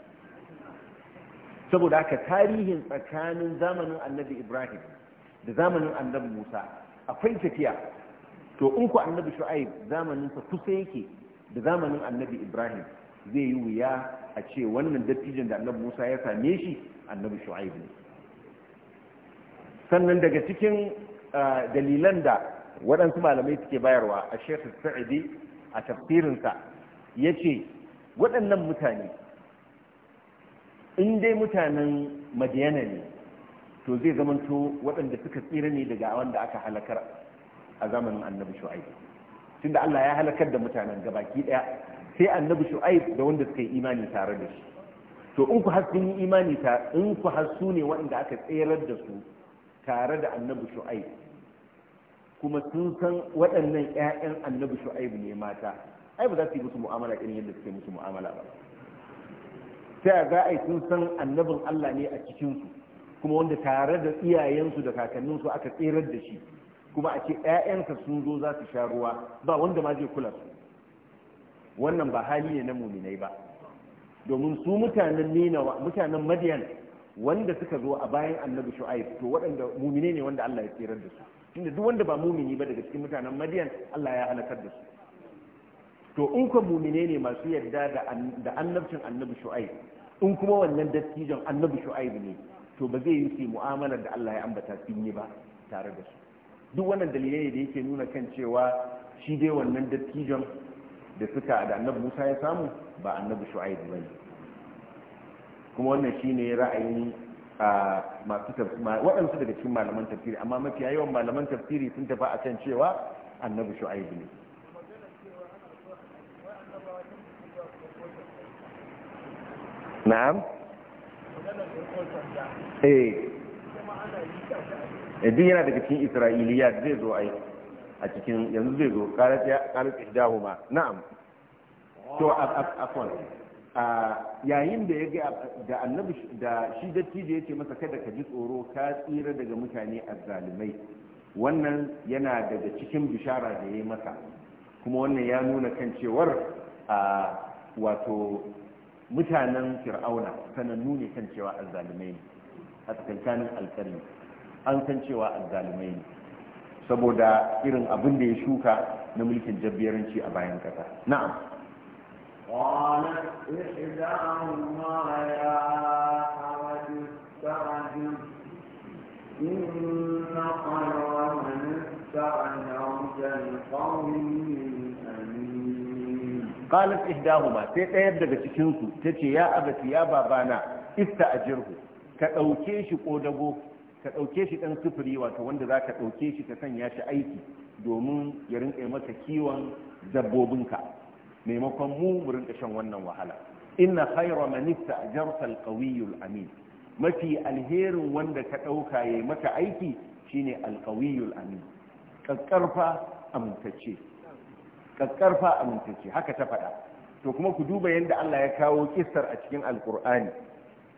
saboda haka tarihin tsakanin zamanin annabi ibrahim da zamanin annabi musa akwai tafiya to in ku annabi shu'aib zamanin sa kusa yake da zamanin annabi ibrahim zai yi wuya a ce wannan dattijan da annabi musa ya same shi annabi shu'aib ne sannan daga cikin ah, dalilan da waɗansu malamai suke bayarwa a shekhu sa'idi a tafsirinsa ya ce waɗannan mutane in dai mutanen madiyana ne to zai zamanto waɗanda suka tsira ne daga wanda aka halakar a zamanin annabi shu'aib tunda Allah ya halakar da mutanen gabaki ɗaya sai annabi shu'aib da wanda suka yi imani tare da shi to in ku hasu imani ta in ku har ne waɗanda aka tserar da su tare da annabi shu'aib kuma sun san waɗannan 'ya'yan annabi shu'aib ne mata ai ba za su yi musu mu'amala irin yadda suke musu mu'amala ba sai ga ai sun san annabin Allah ne a cikin su kuma wanda tare da iyayensu da kakanninsu aka tserar da shi kuma a ce 'ya'yansa sun zo za su sha ruwa ba wanda ma zai kula su wannan ba hali ne na muminai ba domin su mutanen ninawa mutanen madiyan wanda suka zo a bayan annabi shu'aib to waɗanda mumine ne wanda Allah ya tsirar da su tunda duk wanda ba mumini ba daga cikin mutanen madiyan Allah ya halakar da su to in ku mumine ne masu yarda da annabcin annabi shu'aib in kuma wannan dattijon annabi shu'aib ne to ba zai yi su mu'amalar da Allah ya ambata su yi ba tare da su duk wannan dalilai ne da yake nuna kan cewa shi dai wannan dattijon da suka da annabi Musa ya samu ba annabi shu'aib bane kuma wannan shine ra'ayin masu waɗansu daga cikin malaman tafsiri amma mafi yawan malaman tafsiri sun tafi a kan cewa annabi shu'aibu ne na'am eh, eh duk yana daga cikin isra'iliya zai zo ai a cikin yanzu zai zo qalat ya qalat ihdahuma na'am to afwan yayin da ya ga da annabi da shi dattijo ya ce masa kada ka ji tsoro ka tsira daga mutane azzalumai wannan yana daga cikin bishara da ya yi masa kuma wannan ya nuna kan cewar wato mutanen fir'auna sanannu ne kan cewa azzalumai ne a tsakankanin alƙarni an san cewa azzalumai ne saboda irin abin da ya shuka na mulkin jabbiyaranci a bayan ƙasa na'am قالت إحداهما يا أبت استعجل إن خير من استعجلت القوي قالت إحداهما تتأيب دقا تكنسو تتي يا أبتي يا بابانا استأجره كأوكيش قودبو كأوكيش ɗauke shi ɗan sufuri wato wanda za ka ɗauke shi ka sanya shi maimakon mu mu rinka shan wannan wahala inna khayra man istajarta alqawiyyu amin. mafi alherin wanda ka dauka yayi maka aiki shine alqawiyyu amin. kakkarfa amintacce kakkarfa amintacce haka ta faɗa to kuma ku duba yadda Allah ya kawo kissar a cikin alqur'ani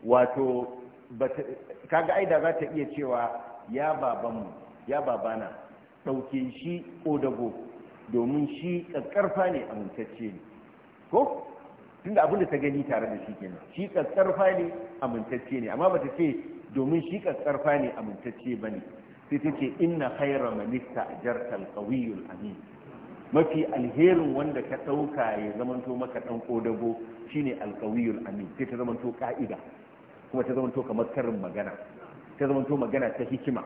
wato kaga aida za ta iya cewa ya babanmu ya babana ɗauke shi ko dago domin shi ƙaƙƙarfa ne amintacce ne ko tunda abin da ta gani tare da shi kenan shi ƙaƙƙarfa ne amintacce ne amma bata ce domin shi ƙaƙƙarfa ne amintacce ba ne sai ta ce inna khaira manista ajarta alqawiyul amin mafi alherin wanda ka ɗauka ya zamanto maka ɗan ƙodago shine alqawiyul amin sai ta zamanto ka'ida kuma ta zamanto kamar karin magana ta zamanto magana ta hikima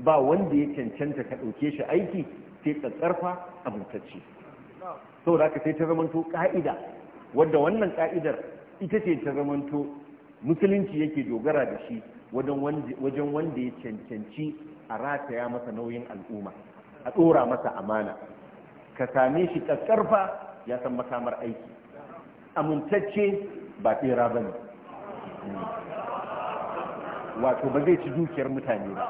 ba wanda ya cancanta ka ɗauke shi aiki sai karfa sau saboda aka sai ta zamanto ka'ida wadda wannan ka'idar ita ce ta zamanto musulunci yake dogara da shi wajen wanda ya cancanci a rataya masa nauyin al'umma a ɗora masa amana ka same shi karfa ya san makamar aiki amintacce ba tsera ba ne wato ba zai ci dukiyar mutane ba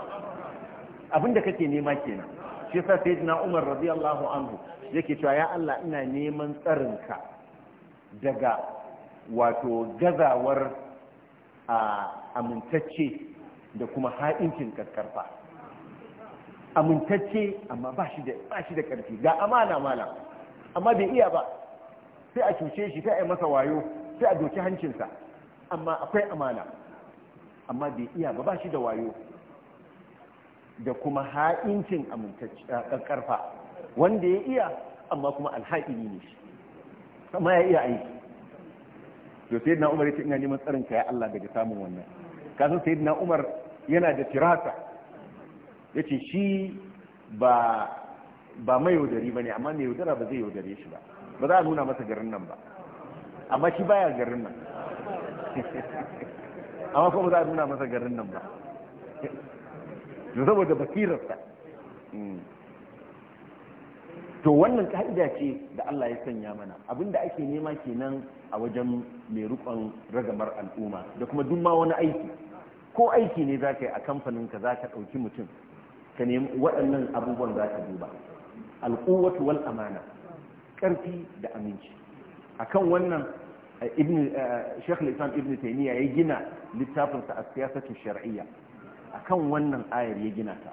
abinda kake nema kenan shi sa sai jina Umar radiyallahu anhu yake cewa ya Allah ina neman tsarinka daga wato gazawar a amintacce da kuma ha'incin karkarfa amintacce amma ba shi da ba shi da karfi ga amana mala amma bai iya ba sai a cuce shi sai a yi masa wayo sai a doki hancinsa amma akwai amana amma bai iya ba ba shi da wayo da kuma ha'incin karfa wanda ya iya amma kuma alha'ini ne shi amma ya iya aiki to sai na umar ce ina neman tsarin ka ya Allah daga samun wannan kasan sai na umar yana da ya yace shi ba ba mai yaudari bane amma mai yaudara ba zai yaudare shi ba ba za a nuna masa garin nan ba amma shi baya garin nan (laughs) amma kuma za a nuna masa garin nan ba saboda basirarsa hmm. to wannan ka'ida ce da Allah ya sanya mana abinda ake nema kenan a wajen mai rukon ragamar al'umma da kuma duk ma wani aiki ko aiki ne za yi a kamfanin ka za ka ɗauki mutum ka nemi waɗannan abubuwan za ka duba alƙuwatu wal amana ƙarfi da aminci akan wannan eh, ibn eh, shekul islam ibn taymiya ya gina littafinsa a siyasatu shar'iyya akan wannan ayar ya gina ta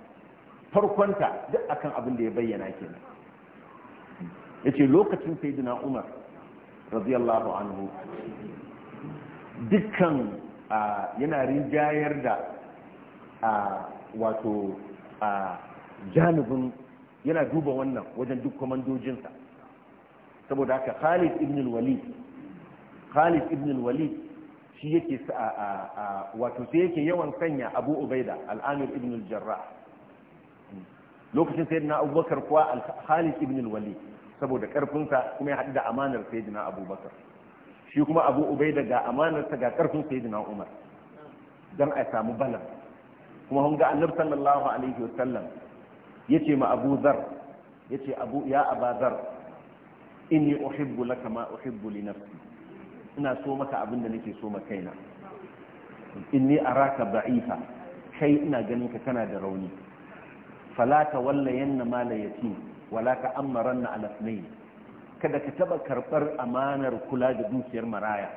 farkonta duk akan abin da ya bayyana ke kenan yace lokacin sayyidina Umar radiyallahu anhu dukkan yana rinjayar da wato janibin yana duba wannan wajen duk kwamandojinsa saboda haka Khalid ibn walid Khalid ibn walid shi yake wato sai yake yawan sanya abu ubaida al'amir ibn al-jarrah lokacin sayyidina abubakar kuwa al-khalid ibn al-wali saboda karfinsa kuma ya haɗu da amanar sayyidina abubakar shi kuma abu ubaida ga sa ga karfin sayyidina umar don a samu balan kuma hunga ga annabi sallallahu alaihi wasallam yace ma abu zar yace abu ya abazar inni uhibbu laka ma uhibbu li nafsi ina so maka abin da nake so ma kaina inni araka ba'ifa kai ina ganin ka kana da rauni fala ta wallayanna mala yatim wala ka amaranna ala sunayi kada ka taba karbar amanar kula da dukiyar maraya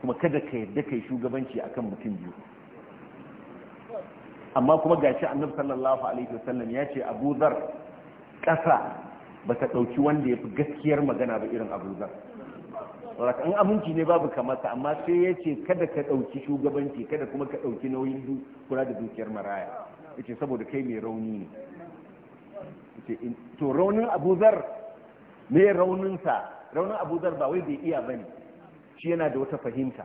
kuma kada ka yadda kai shugabanci akan mutum biyu amma kuma gashi annabi sallallahu alaihi wasallam ya ce abu dhar kasa ba ta dauki wanda ya fi gaskiyar magana ba irin abu dhar saboda an aminci ne babu kamata amma sai ya ce kada ka ɗauki shugabanci kada kuma ka ɗauki nauyin kula da dukiyar maraya yace saboda kai mai rauni ne to raunin abuzar me rauninsa raunin abuzar ba wai bai iya ba ne shi yana da wata fahimta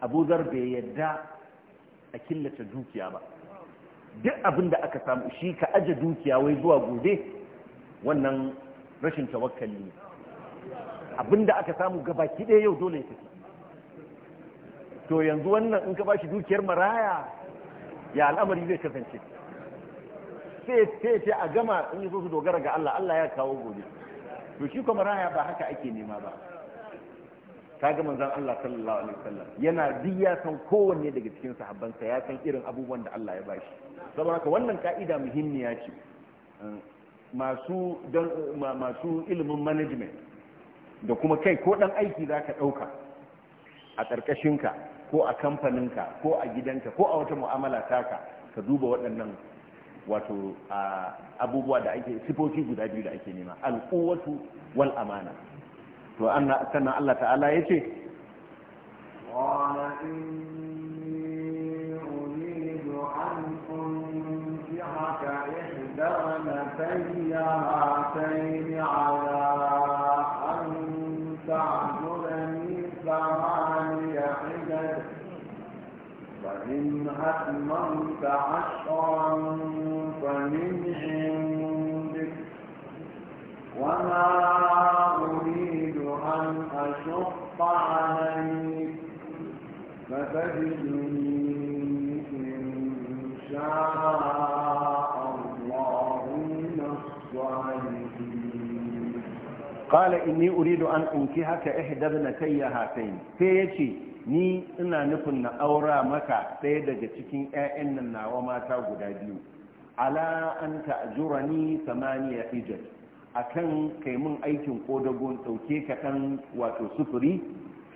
abuzar bai yadda a killace dukiya ba duk abin da aka samu shi ka aje dukiya wai zuwa gobe wannan rashin tawakkali ne abinda aka samu gaba ɗaya yau dole ya to yanzu wannan in ka ba shi dukiyar maraya ya al'amari zai kasance sai ce a gama in yi su dogara ga Allah Allah ya kawo gobe to shi kuma maraya ba haka ake nema ba ka ga manzon Allah sallallahu alaihi wasallam yana diya san kowanne daga cikin sahabbansa ya san irin abubuwan da Allah ya bashi saboda haka wannan ka'ida muhimmiya ce masu masu ilimin management da kuma kai ko ɗan aiki za ka ɗauka a ƙarƙashinka ko a kamfaninka ko a gidanka ko a wata mu'amala taka ka duba waɗannan wato abubuwa da ake sifofi guda biyu da ake nema al'uwatu wal amana to sannan Allah ta'ala ya ce إحدى نتيها على تعذرني ثماني حجج فإن أتممت عشرا فمن عندك وما أريد أن أشق عليك فتجدني qala inni uridu an unki haka ihdabna tayya hatain sai yace ni ina nufin na aura maka ɗaya daga cikin ƴaƴan nan nawa mata guda biyu ala an ta'jurani samaniya hijaj akan kai mun aikin kodagon dauke ka dan wato sufuri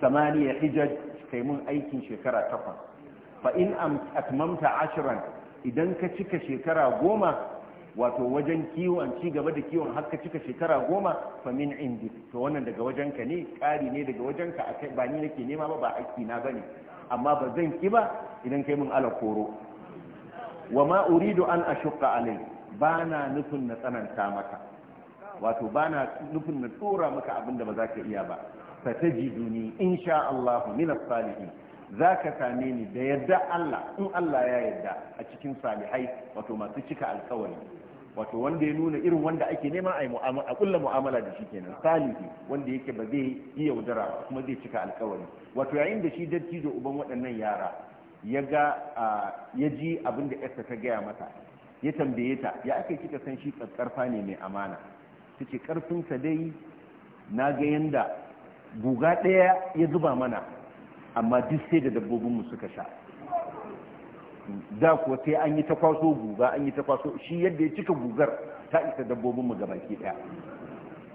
samaniya hijaj kai mun aikin shekara takwas fa in atmamta ashran idan ka cika shekara goma wato wajen kiwon ci gaba da kiwon har ka cika shekara goma fa indi to wannan daga wajenka ne ƙari ne daga wajenka kai ba ni nake nema ba ba aiki na bane amma ba zan ki ba idan kai mun ala koro wa ma uridu an ashqa alai bana nufin na tsananta maka wato bana nufin na tsora maka abin da ba za ka iya ba fatajiduni insha Allah min as-salihin za ka same ni da yadda Allah in Allah ya yadda a cikin salihai wato masu cika alkawari wato wanda ya nuna irin wanda ake nema a kulla mu'amala da shi kenan salihi wanda yake ba zai yi yaudara kuma zai cika alkawari wato yayin da shi dattijo uban waɗannan yara ya ga ya ji abin da yarsa ta gaya mata ya tambaye ta ya ake kika san shi karfa ne mai amana ta ce karfinsa dai na ga yanda guga ɗaya ya zuba mana amma duk sai da dabbobinmu suka sha da kuwa sai an yi ta kwaso guga an yi ta kwaso shi yadda ya cika gugar ta isa dabbobinmu ga baki daya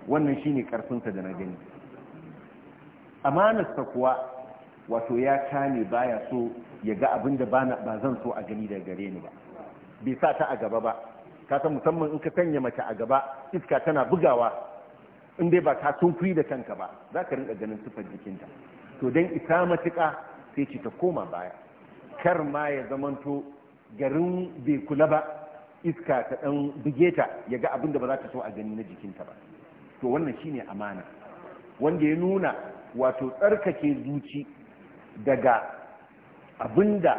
wannan shine karfinsa da na gani amanarsa kuwa wato ya kame baya so ya ga abin da ba zan so a gani daga gare ni ba bai sa ta a gaba ba kasan musamman in ka sanya mace a gaba iska tana bugawa in dai ba ka tunkuri da kanka ba za ka rinka ganin sifar jikinta to don isa matuƙa sai ce ta koma baya kar ma ya zamanto garin bai kula ba iska ta ɗan buge ta ya ga abin da ba za ta so a gani na jikinta ba to wannan shi ne amana wanda ya nuna wato tsarkake zuci daga abin da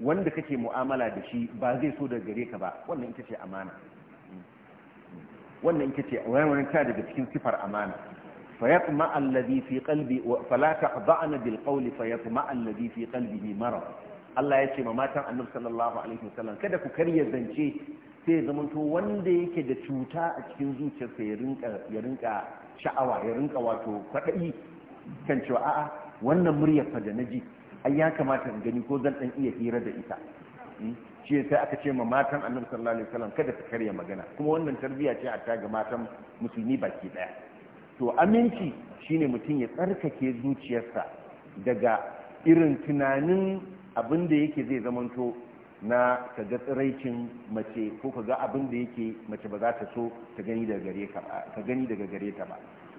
wanda kake mu'amala da shi ba zai so daga gare ka ba wannan ita ce amana wannan ita ce wani ta daga cikin sifar amana فيطمع الذي في قلبي فلا تخضعن بالقول فيطمع الذي في قلبه مرض Allah ya ce ma matan annabi sallallahu alaihi wasallam kada ku karya zance sai ya zamanto wanda yake da cuta a cikin zuciyarsa ya rinka sha'awa ya rinka wato kwadayi kan cewa a'a wannan muryar fa da na ji ai ya kamata in gani ko zan dan iya hira da ita shi sai aka ce ma matan annabi sallallahu alaihi wasallam kada su karya magana kuma wannan tarbiya ce a ta ga matan musulmi baki ɗaya. to aminci shine mutum ya tsarkake zuciyarsa daga irin tunanin abin da yake zai zamanto na kaga tsiraicin mace ko kaga abin da yake mace ba za ta so ta gani daga gare ta ba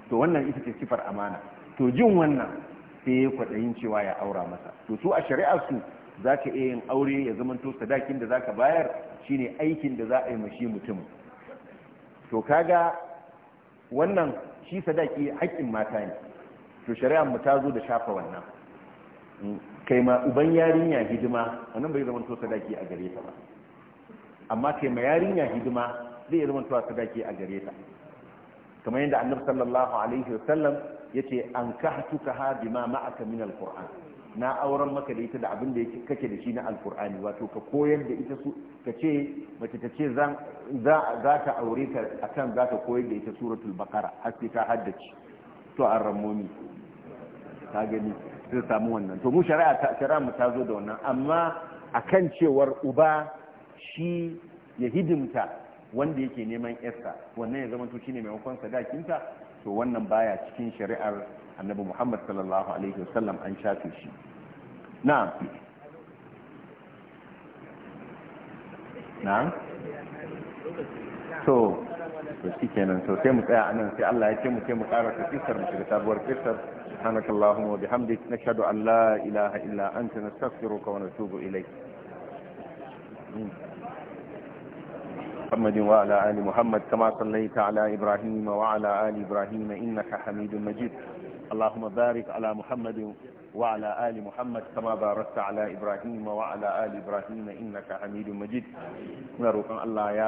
to wannan ita ce sifar amana to jin wannan sai ya kwaɗayin cewa ya aura masa to su a shari'ar su za ka iya yin aure ya zamanto sadakin da za ka bayar shine aikin da za a yi mashi mutum to kaga wannan shi sadaki haƙƙin mata ne to shari'ar mu ta zo da shafa wannan kai ma uban yarinya hidima wannan bai zama to sadaki a gare ta ba amma kai ma yarinya hidima zai zama to sadaki a gare ta kamar yadda annabi sallallahu alaihi wasallam yace an kahtuka ha ma'aka min alquran na auren maka da ita da abin da kake da shi na alkur'ani wato ka koyar da ita su ka ce mace ta ce za ta aure ta a kan za ta koyar da ita suratul bakara haske ta haddace to an ramomi ta gani zai samu wannan to mu shari'a shari'a mu ta zo da wannan amma akan cewar uba shi ya hidimta wanda yake neman yarsa wannan ya zama to shine maimakon sadakinta to wannan baya cikin shari'ar annabi muhammad sallallahu alaihi wasallam an shafe shi na'am na'am so to shi kenan so sai mu tsaya anan sai Allah ya ce mu sai mu ƙara ta kisar mu shiga sabuwar kisar subhanakallahumma wa bihamdik nashhadu an la ilaha illa anta nastaghfiruka wa natubu ilayk محمد وعلى آل محمد كما صليت على إبراهيم وعلى آل إبراهيم إنك حميد مجيد اللهم بارك على محمد وعلى آل محمد كما باركت على إبراهيم وعلى آل إبراهيم إنك حميد مجيد muna roƙon Allah ya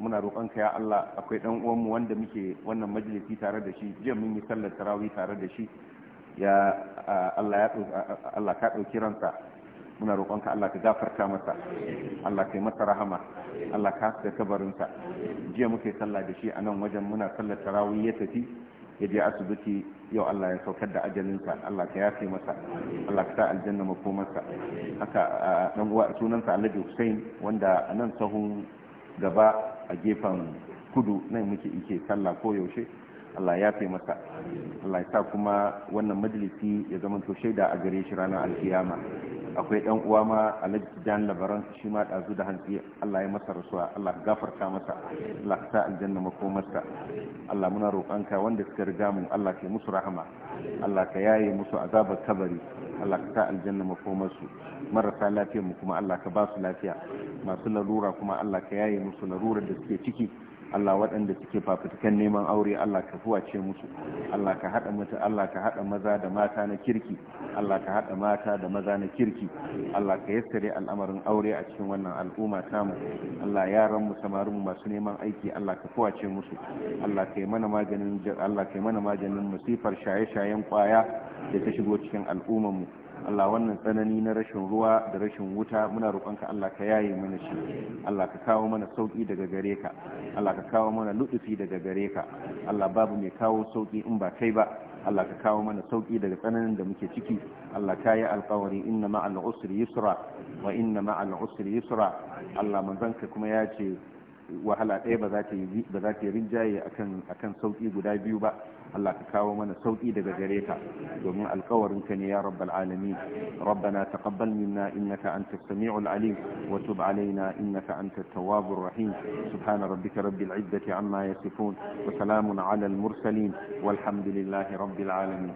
muna roƙon ka ya Allah akwai dan uwan wanda muke wannan majalisi tare da shi jiya mun yi sallar tarawih tare da shi Allah ka dauki ransa muna roƙon Allah ka gafarta masa Allah kai masa rahama Allah ka haska kabarinsa jiya muke sallah da shi a nan wajen muna sallar ya tafi ya je asibiti yau Allah ya saukar da ajalinsa Allah ka yafe masa Allah ka sa aljanna makomarsa haka dan uwa sunansa Alhaji Hussein wanda anan nan sahun gaba a gefen kudu nan muke ike sallah ko yaushe Allah ya fi masa Allah ya sa kuma wannan majalisi ya zama to shaida a gare shi ranar alkiyama akwai ɗan uwa ma Alhaji Jan Labaran shi ma dazu da hantsi Allah ya masa rasuwa Allah gafarta masa Allah ya sa aljanna masa Allah muna roƙonka wanda suka riga mu Allah ka musu rahama Allah ka yaye musu azabar kabari Allah ka sa aljanna masu marasa lafiya mu kuma Allah ka ba su lafiya masu larura kuma Allah ka yaye musu larurar da suke ciki Allah waɗanda suke fafutukan neman aure Allah ka fuwace musu Allah ka haɗa mata Allah ka haɗa maza da mata na kirki Allah ka haɗa mata da maza na kirki Allah ka yassare al'amarin aure a cikin wannan al'umma tamu Allah yaran mu samarin masu neman aiki Allah ka fuwace musu Allah ka yi mana maganin Allah ka yi mana maganin musifar shaye-shayen kwaya da ta shigo cikin al'ummar mu Allah wannan tsanani na rashin ruwa da rashin wuta muna roƙonka Allah ka yaye mana shi Allah ka kawo mana sauki daga gare ka Allah ka kawo mana lutufi daga gare ka Allah babu mai kawo sauki in ba kai ba Allah ka kawo mana sauki daga tsananin da muke ciki Allah ka yi alƙawari inna ma'al usri yusra wa inna ma'al usri yusra Allah manzanka kuma ya ce wahala ɗaya ba za ta yi rinjaye akan akan sauki guda biyu ba Allah ka kawo mana sauki daga gare ka domin alkawarin ka ne ya rabbal alamin rabbana taqabbal minna innaka antas samiul alim wa tub alaina innaka antat tawwabur rahim subhana rabbika rabbil izzati amma yasifun wa salamun ala al mursalin والحمد لله رب العالمين